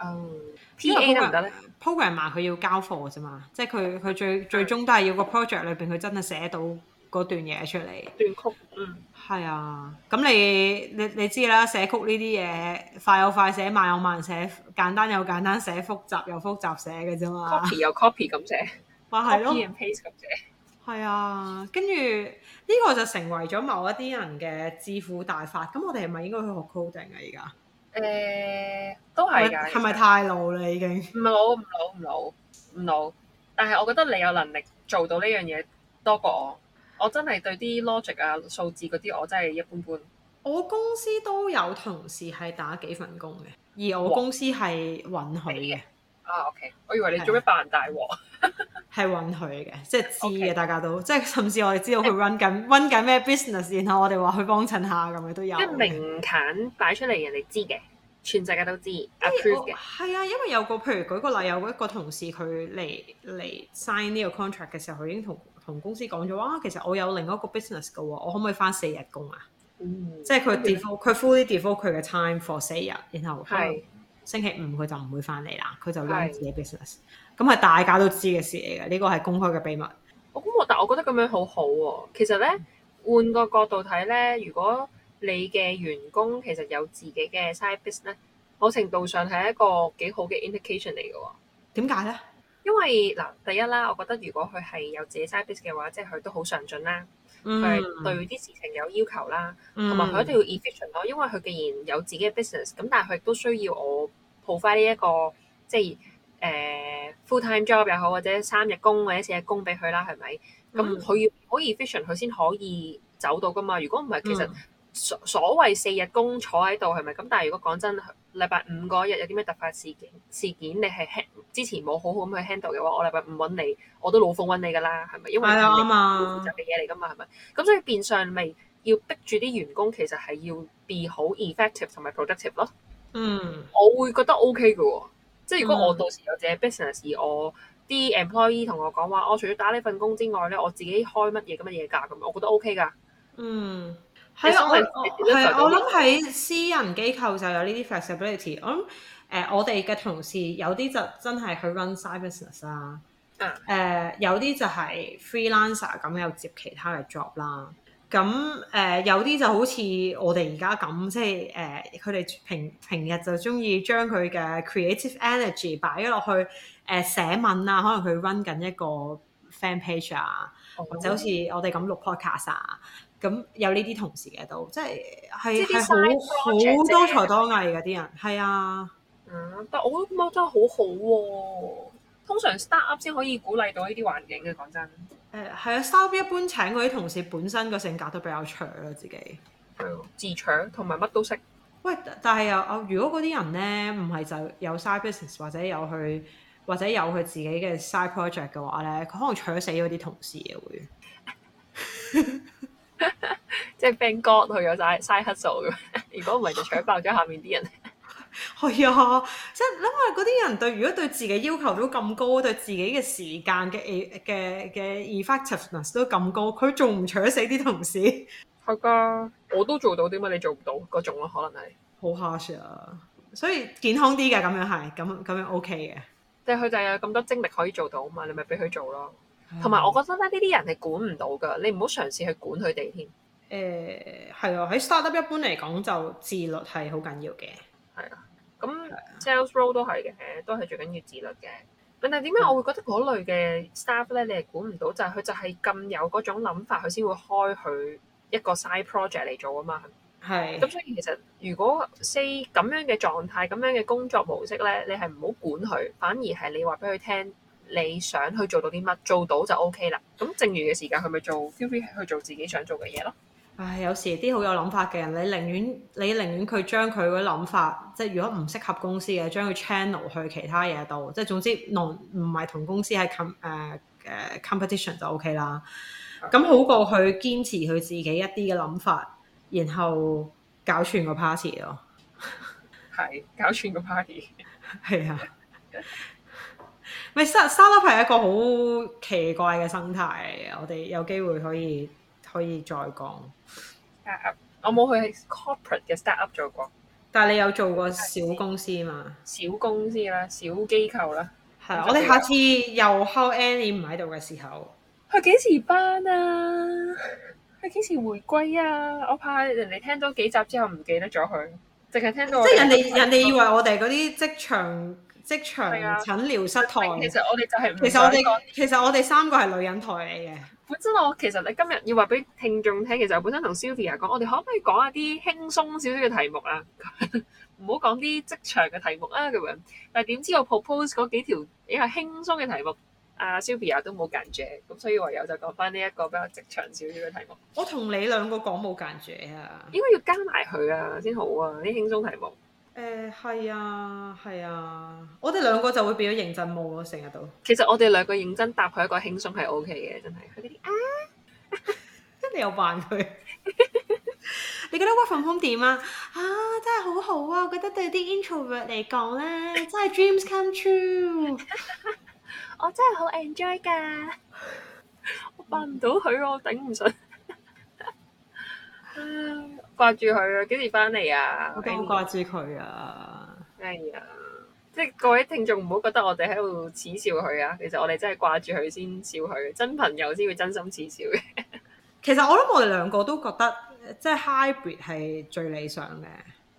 哦，呢 program，program 佢要交貨啫嘛，即係佢佢最最終都係要個 project 裏邊佢真係寫到嗰段嘢出嚟。段曲，嗯。係啊，咁你你你知啦，寫曲呢啲嘢快有快寫，慢有慢寫，簡單又簡單寫，複雜又複雜寫嘅啫嘛。Copy 又 copy 咁寫，咪係咯。Copy and paste 咁寫。係啊，跟住呢個就成為咗某一啲人嘅致富大法。咁我哋係咪應該去學 coding 啊？而家？誒、呃，都係噶，係咪太老啦已經？唔老唔老唔老唔老，但係我覺得你有能力做到呢樣嘢多過我。我真係對啲 logic 啊、數字嗰啲，我真係一般般。我公司都有同事係打幾份工嘅，而我公司係允許嘅。啊，OK，我以為你做一百大鑊。 係允許嘅，即係知嘅，大家都即係甚至我哋知道佢 run 緊 run 緊咩 business，然後我哋話去幫襯下咁樣都有。明顯擺出嚟，人哋知嘅，全世界都知 approve 嘅。係啊，因為有個譬如舉個例，有一個同事佢嚟嚟 sign 呢個 contract 嘅時候，佢已經同同公司講咗啊，其實我有另一個 business 嘅喎，我可唔可以翻四日工啊？即係佢 f 佢 fully devote 佢嘅 time for 四日，然後星期五佢就唔會翻嚟啦，佢就 run 自己 business。咁係大家都知嘅事嚟嘅，呢個係公開嘅秘密。我咁我，但我覺得咁樣好好、哦、喎。其實咧，換個角度睇咧，如果你嘅員工其實有自己嘅 side business 咧，某程度上係一個幾好嘅 indication 嚟嘅喎、哦。點解咧？因為嗱，第一啦，我覺得如果佢係有自己 side business 嘅話，即係佢都好上進啦，佢係、嗯、對啲事情有要求啦，同埋佢一定要 efficient 咯。因為佢既然有自己嘅 business，咁但係佢亦都需要我 provide 呢、這、一個即係。就是 full time job 又好，或者三日工或者四日工俾佢啦，係咪？咁佢要可以 efficient、mm. 佢先可以走到噶嘛？如果唔係，其實所所謂四日工坐喺度，係咪？咁但係如果講真，禮拜五嗰日有啲咩突發事件事件你，你係之前冇好好咁去 handle 嘅話，我禮拜五搵你，我都老奉搵你噶啦，係咪？因為係啊嘛，負責嘅嘢嚟噶嘛，係咪？咁所以變相咪要逼住啲員工，其實係要 be 好 effective 同埋 productive 咯。嗯，mm. 我會覺得 OK 嘅喎、哦。即係如果我到時有自己 business，我啲 employee 同我講話，我除咗打呢份工之外咧，我自己開乜嘢咁乜嘢㗎咁，我覺得 OK 噶。嗯，係啊，係我諗喺我的私人機構就有呢啲 flexibility, flexibility。我諗誒、呃，我哋嘅同事有啲就真係去 run side business 啦、啊。嗯。呃、有啲就係 freelancer 咁，有接其他嘅 job 啦。咁誒、呃、有啲就好似我哋而家咁，即係誒佢哋平平日就鍾意將佢嘅 creative energy 擺咗落去誒、呃、寫文啊，可能佢 run 緊一個 fan page 啊，或者、哦、好似我哋咁錄 podcast 啊，咁有呢啲同事嘅都即係係係好 design project 好多才多藝嘅啲人係啊，嗯，但我都覺得真係好好、啊、喎。通常 start up 先可以鼓勵到呢啲環境嘅，講真。誒係、uh，啊，shop 一般請嗰啲同事本身個性格都比較搶啦，自己係自搶同埋乜都識。喂，但係又、呃，如果嗰啲人咧唔係就有 side business 或者有去或者有佢自己嘅 side project 嘅話咧，佢可能搶死嗰啲同事嘅會。 即係 bang god 去咗曬 side hustle 咁，如果唔係就搶爆咗下面啲人。 係啊，即係諗下嗰啲人對，如果對自己要求都咁高，對自己嘅時間嘅嘅嘅 effectiveness 都咁高，佢仲唔搶死啲同事？係噶，我都做到啲乜，你做唔到嗰種咯、啊，可能係好 harsh 啊。所以健康啲嘅咁樣係咁咁樣 OK 嘅。但係佢就有咁多精力可以做到啊嘛，你咪俾佢做咯。同埋、嗯、我覺得咧，呢啲人係管唔到噶，你唔好嘗試去管佢哋添。誒係啊，喺、嗯、startup 一般嚟講，就自律係好緊要嘅。係啊，咁 Yeah. sales role 都係嘅，都係最緊要自律嘅。但係點解我會覺得嗰類嘅 staff 咧，你係管唔到，就係佢就係咁有嗰種諗法，佢先會開佢一個 side project 嚟做啊嘛。係，咁所以其實如果 say 咁樣嘅狀態，咁樣嘅工作模式咧，你係唔好管佢，反而係你話俾佢聽，你想去做到啲乜，做到就 OK 啦。咁剩餘嘅時間，佢咪做，去做自己想做嘅嘢咯。唉，有時啲好有諗法嘅人，你寧願你寧願佢將佢嗰啲諗法，即係如果唔適合公司嘅，將佢 channel 去其他嘢度，即係總之，唔唔係同公司係 com, uh, uh, competition 就 OK 啦。咁好過去堅持佢自己一啲嘅諗法，然後搞串個 party 咯。係搞串個 party 係 啊。咪 Startup 係一個好奇怪嘅生態，我哋有機會可以可以再講。我冇去 corporate 嘅 startup 做過，但係你有做過小公司嘛？小公司啦，小機構啦。係的我哋下次又 call Annie 唔喺度嘅時候，佢幾時返啊？佢幾時回歸啊？我怕人哋聽多幾集之後唔記得咗佢，淨係聽到。即係人哋人哋以為我哋嗰啲職場職場診療室台，的其實我哋就係，其實我哋其實我哋三個係女人台嚟嘅。本身我其實今你今日要話俾聽眾聽。其實我本身同 Sylvia 講，我哋可唔可以講下啲輕鬆少少嘅題目啊？唔好講啲職場嘅題目啊，咁樣。但係點知我 propose 嗰幾條比較輕鬆嘅題目，阿、啊、Sylvia 都冇揀啫，咁所以唯有就講翻呢一個比較職場少少嘅題目。我同你兩個講冇揀啫啊，應該要加埋佢啊，先好啊啲輕鬆題目。誒係、呃、啊係啊，我哋兩個就會變咗認真冇咯，成日都。其實我哋兩個認真搭佢一個輕鬆係 OK 嘅，真係。佢啲啊，跟 你又扮佢。 你覺得 work from home 點啊？啊，真係好好啊！我覺得對啲 introvert 嚟講咧、啊，真係 dreams come true。 我真係好 enjoy 㗎。 我扮唔到佢，我頂唔順。 啊，掛住佢啊，幾時翻嚟啊？我咁掛住佢啊，哎呀，即係各位聽眾唔好覺得我哋喺度恥笑佢啊，其實我哋真係掛住佢先笑佢，真朋友先會真心恥笑嘅。其實我諗我哋兩個都覺得即係 hybrid 係最理想嘅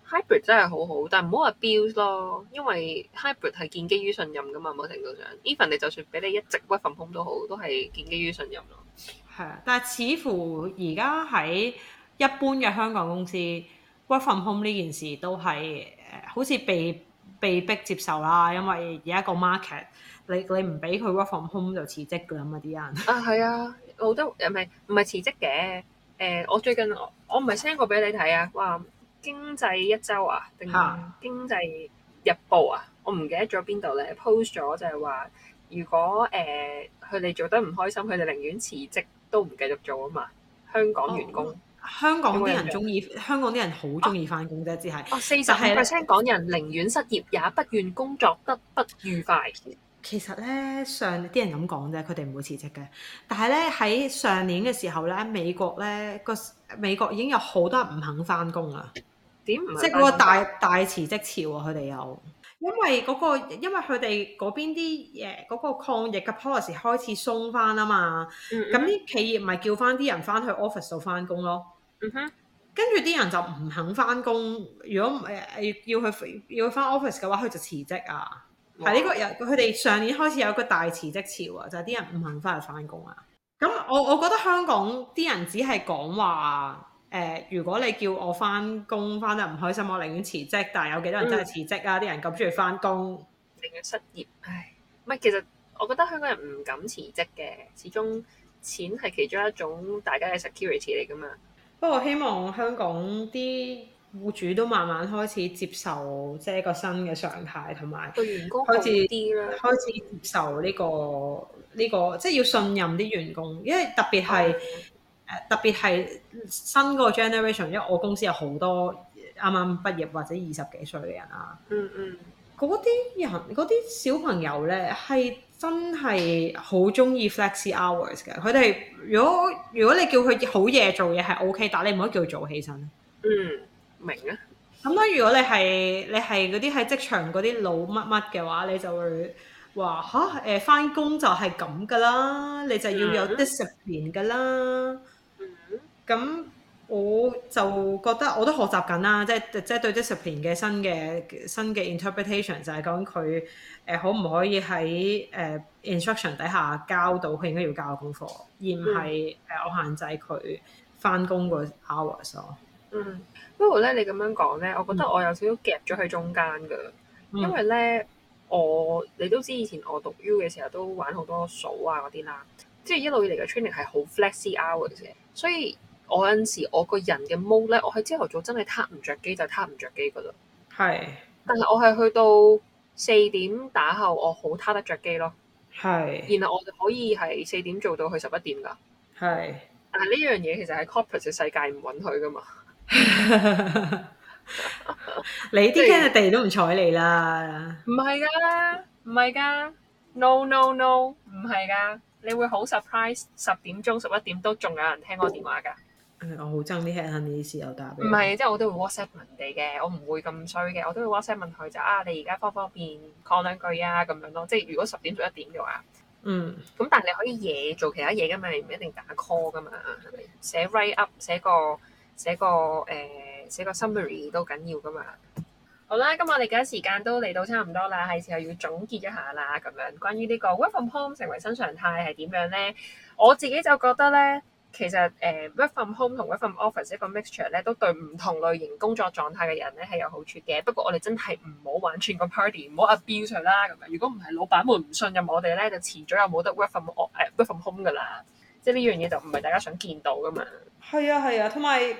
，hybrid 真係好好，但係唔好話 build 咯，因為 hybrid 係建基於信任噶嘛，某程度上，even 你就算俾你一直屈份捧都好，都係建基於信任咯。係啊，但係似乎而家喺。一般嘅香港公司 work from home 呢件事都係誒、呃，好似被被逼接受啦。因為有一個 market，你你唔俾佢 work from home 就辭職㗎嘛。啲人啊，係啊，好多唔係唔係辭職嘅誒。我最近我唔係 send 過俾你睇啊，話經濟一周啊定經濟日報啊，啊我唔記得咗邊度咧 post 咗就係話，如果誒佢哋做得唔開心，佢哋寧願辭職都唔繼續做啊嘛。香港員工。哦香港啲人中意，香港啲人好中意翻工啫，只係、啊，就係咧，香、哦、港人寧願失業，嗯、也不願工作得不愉快。其實咧，上啲人咁講啫，佢哋唔會辭職嘅。但係咧，喺上年嘅時候咧，美國咧個美國已經有好多人唔肯翻工啦。點咦？即係嗰個大大辭職潮，啊，佢哋有。因為嗰、那個、因為佢哋嗰邊啲誒嗰個抗疫嘅 policy 開始鬆翻啦嘛，咁啲、嗯嗯、企業咪叫翻啲人翻去 office 度翻工咯。嗯、哼，跟住啲人就唔肯翻工，如果誒誒要去要翻 office 嘅話，佢就辭職啊。係呢哇、這個有佢哋上年開始有一個大辭職潮啊，就係、是、啲人唔肯翻嚟翻工啊。咁我我覺得香港啲人只係講話。誒、呃，如果你叫我翻工翻得唔開心，我寧願辭職。但係有幾多人真係辭職啊？啲、嗯、人咁中意翻工，寧願失業，唉。唔係，其實我覺得香港人唔敢辭職嘅，始終錢係其中一種大家嘅 security 嚟㗎嘛。不過希望香港啲僱主都慢慢開始接受即係一個新嘅常態，同埋個員工開始啲，開始接受呢個呢個，即、這、係、個就是、要信任啲員工，因為特別係，嗯特別係新嗰個 generation，因為我公司有好多啱啱畢業或者二十幾歲嘅人啊。嗯嗯，嗰啲人嗰啲小朋友咧係真係好中意 flex hours 嘅。佢哋如果如果你叫佢好夜做嘢係 OK，但係你唔可以叫佢早起身。嗯，明啊。咁如果如果你係你係嗰啲喺職場嗰啲老乜乜嘅話，你就會話嚇，誒，翻工、呃、就係咁㗎啦，你就要有 discipline 㗎啦。嗯。咁我就覺得我都學習緊啦，即係即係對 discipline 嘅新嘅新嘅 interpretation，就係講佢誒可唔可以喺誒、呃、instruction 底下交到佢應該要交嘅功課，而唔係誒我限制佢返工個 hours。嗯，不過咧你咁樣講咧，我覺得我有少少夾咗喺中間㗎，嗯、因為咧我你都知以前我讀 U 嘅時候都玩好多數啊嗰啲啦，即係一路以嚟嘅 training 係好 flexible hours 嘅啫，所以。我有陣時，我個人嘅 mode 咧，我喺朝頭早真係撻唔着機，就撻唔着機噶啦。係是，但係我係去到四點打後，我好撻得着機咯。係是，然後我就可以係四點做到去十一點㗎。係是，但係呢樣嘢其實喺 corporate 世界唔允許噶嘛。你啲 candidate 地都唔睬你啦。唔係㗎，唔係㗎，no no no，唔係㗎。你會好 surprise 十點鐘十一點都仲有人聽我電話㗎。嗯、我好憎呢 client 啲事又打。唔係，即係我都會 WhatsApp 人哋嘅，我唔會咁衰嘅，我都會 WhatsApp 問佢就啊，你而家方方便講兩句啊，咁樣咯。即係如果十點到一點嘅話，嗯。咁但係你可以夜做其他嘢㗎嘛，唔一定打 call 㗎嘛，係咪？寫 write up，寫個寫個誒寫個，呃、寫個 summary 都緊要㗎嘛。好啦，咁我哋而家時間都嚟到差唔多啦，係時候要總結一下啦，咁樣關於呢個 work from home 成為新常態係點樣咧？我自己就覺得咧。其實誒 work from home 同 work from office 一個 mixture 咧，都對唔同類型工作狀態嘅人咧係有好處嘅。不過我哋真係唔好玩全個 party，唔好 abuse 佢啦咁樣。如果唔係，老闆們唔信任我哋咧，就遲早又冇得 work from o 誒 work from home 噶啦。即係呢樣嘢就唔係大家想見到噶嘛。係啊係啊，同埋、啊。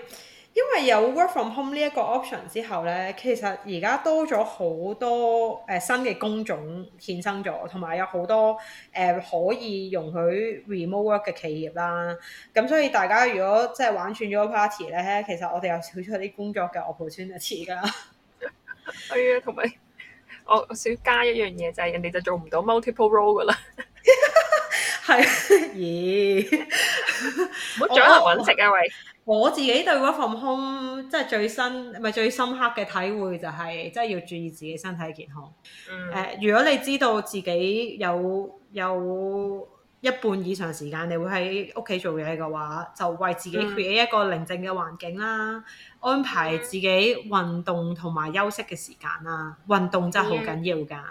因為有 work from home 呢一個 option 之後咧，其實而家多咗好多誒、呃、新嘅工種衍生咗，同埋有好多誒、呃、可以容許 remote work 嘅企業啦。咁、嗯、所以大家如果即係、呃、玩串咗個 party 咧，其實我哋有少少啲工作嘅臥鋪村啊，黐噶 、哎。係、哎、啊，同埋我我少加一樣嘢就係人哋就做唔到 multiple role 噶啦。係、哎、咦，冇再喺度揾食啊，喂、哎！我自己對 work from home 即係最深、唔係最深刻嘅體會就係、是，即係要注意自己身體健康。誒、嗯呃，如果你知道自己有有一半以上時間你會喺屋企做嘢嘅話，就為自己 create 一個寧靜嘅環境啦，嗯、安排自己運動同埋休息嘅時間啦。運動真係好緊要㗎。誒、嗯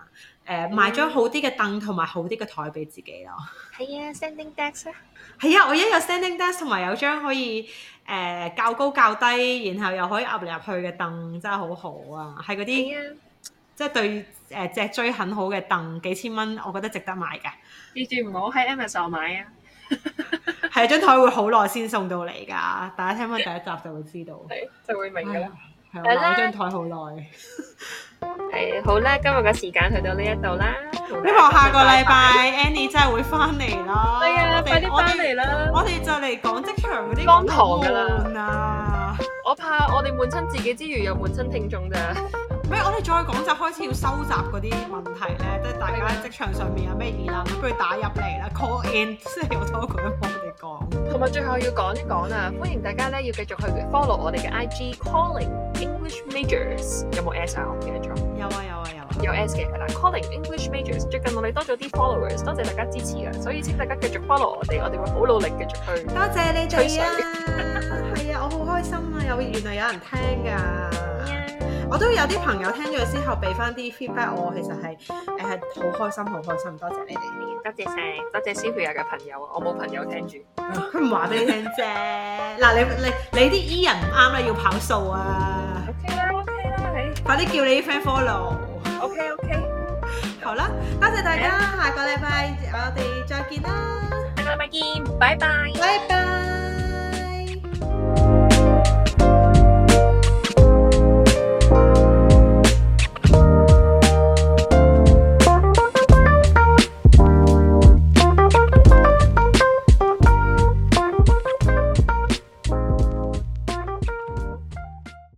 呃，買張好啲嘅凳同埋好啲嘅台俾自己咯。係啊，standing desk 啊。係啊，我一有 standing desk 同埋有張可以誒較、呃、高較低，然後又可以入嚟入去嘅凳，真係好好啊！係嗰啲即係對誒、呃、脊椎很好嘅凳，幾千蚊，我覺得值得買嘅。記住唔好喺 Amazon 買啊！係張台會好耐先送到嚟噶，大家聽返第一集就會知道， 就會明嘅。係啊、哎，我等張台好耐。啦 係好，拜拜啦，今日嘅時間去到呢一度啦。希望下個禮拜 Annie 真係會翻嚟啦。係啊，快啲翻嚟啦！我哋就嚟講職場嗰啲荒唐噶啦。我怕我哋悶親自己之餘，又悶親聽眾咋。 咩？我哋再講就開始要收集嗰啲問題咧，即係大家喺職場上面有咩議論，不如打入嚟啦，call in，即係由收工幫我哋講。同埋最後要講一講啊，歡迎大家咧要繼續去 follow 我哋嘅 IG calling English majors 有冇 S 啊？我唔記得咗。有啊有啊有啊。有，啊有，啊有啊 S 嘅係啦，calling English majors 最近我哋多咗啲 followers，多謝大家支持啊，所以請大家繼續 follow 我哋，我哋會好努力繼續去。多謝你哋，啊。係啊吹水， 我好開心啊，有原來有人聽㗎。我都有啲朋友聽咗之後俾翻啲 feedback 我，其實係誒係好開心，好開心，多謝你哋，多謝曬，多謝，謝 Sylvia 嘅 謝謝 朋友，我冇朋友聽住。佢唔話俾你聽啫，嗱你你你啲 E 人唔啱啦，要跑數啊，O K 啦 O K 啦你，快啲叫你啲 friend follow，O K O K，好啦，多謝，謝大家，Yeah. 下個禮拜我哋再見啦，下個禮拜見，拜拜，拜拜。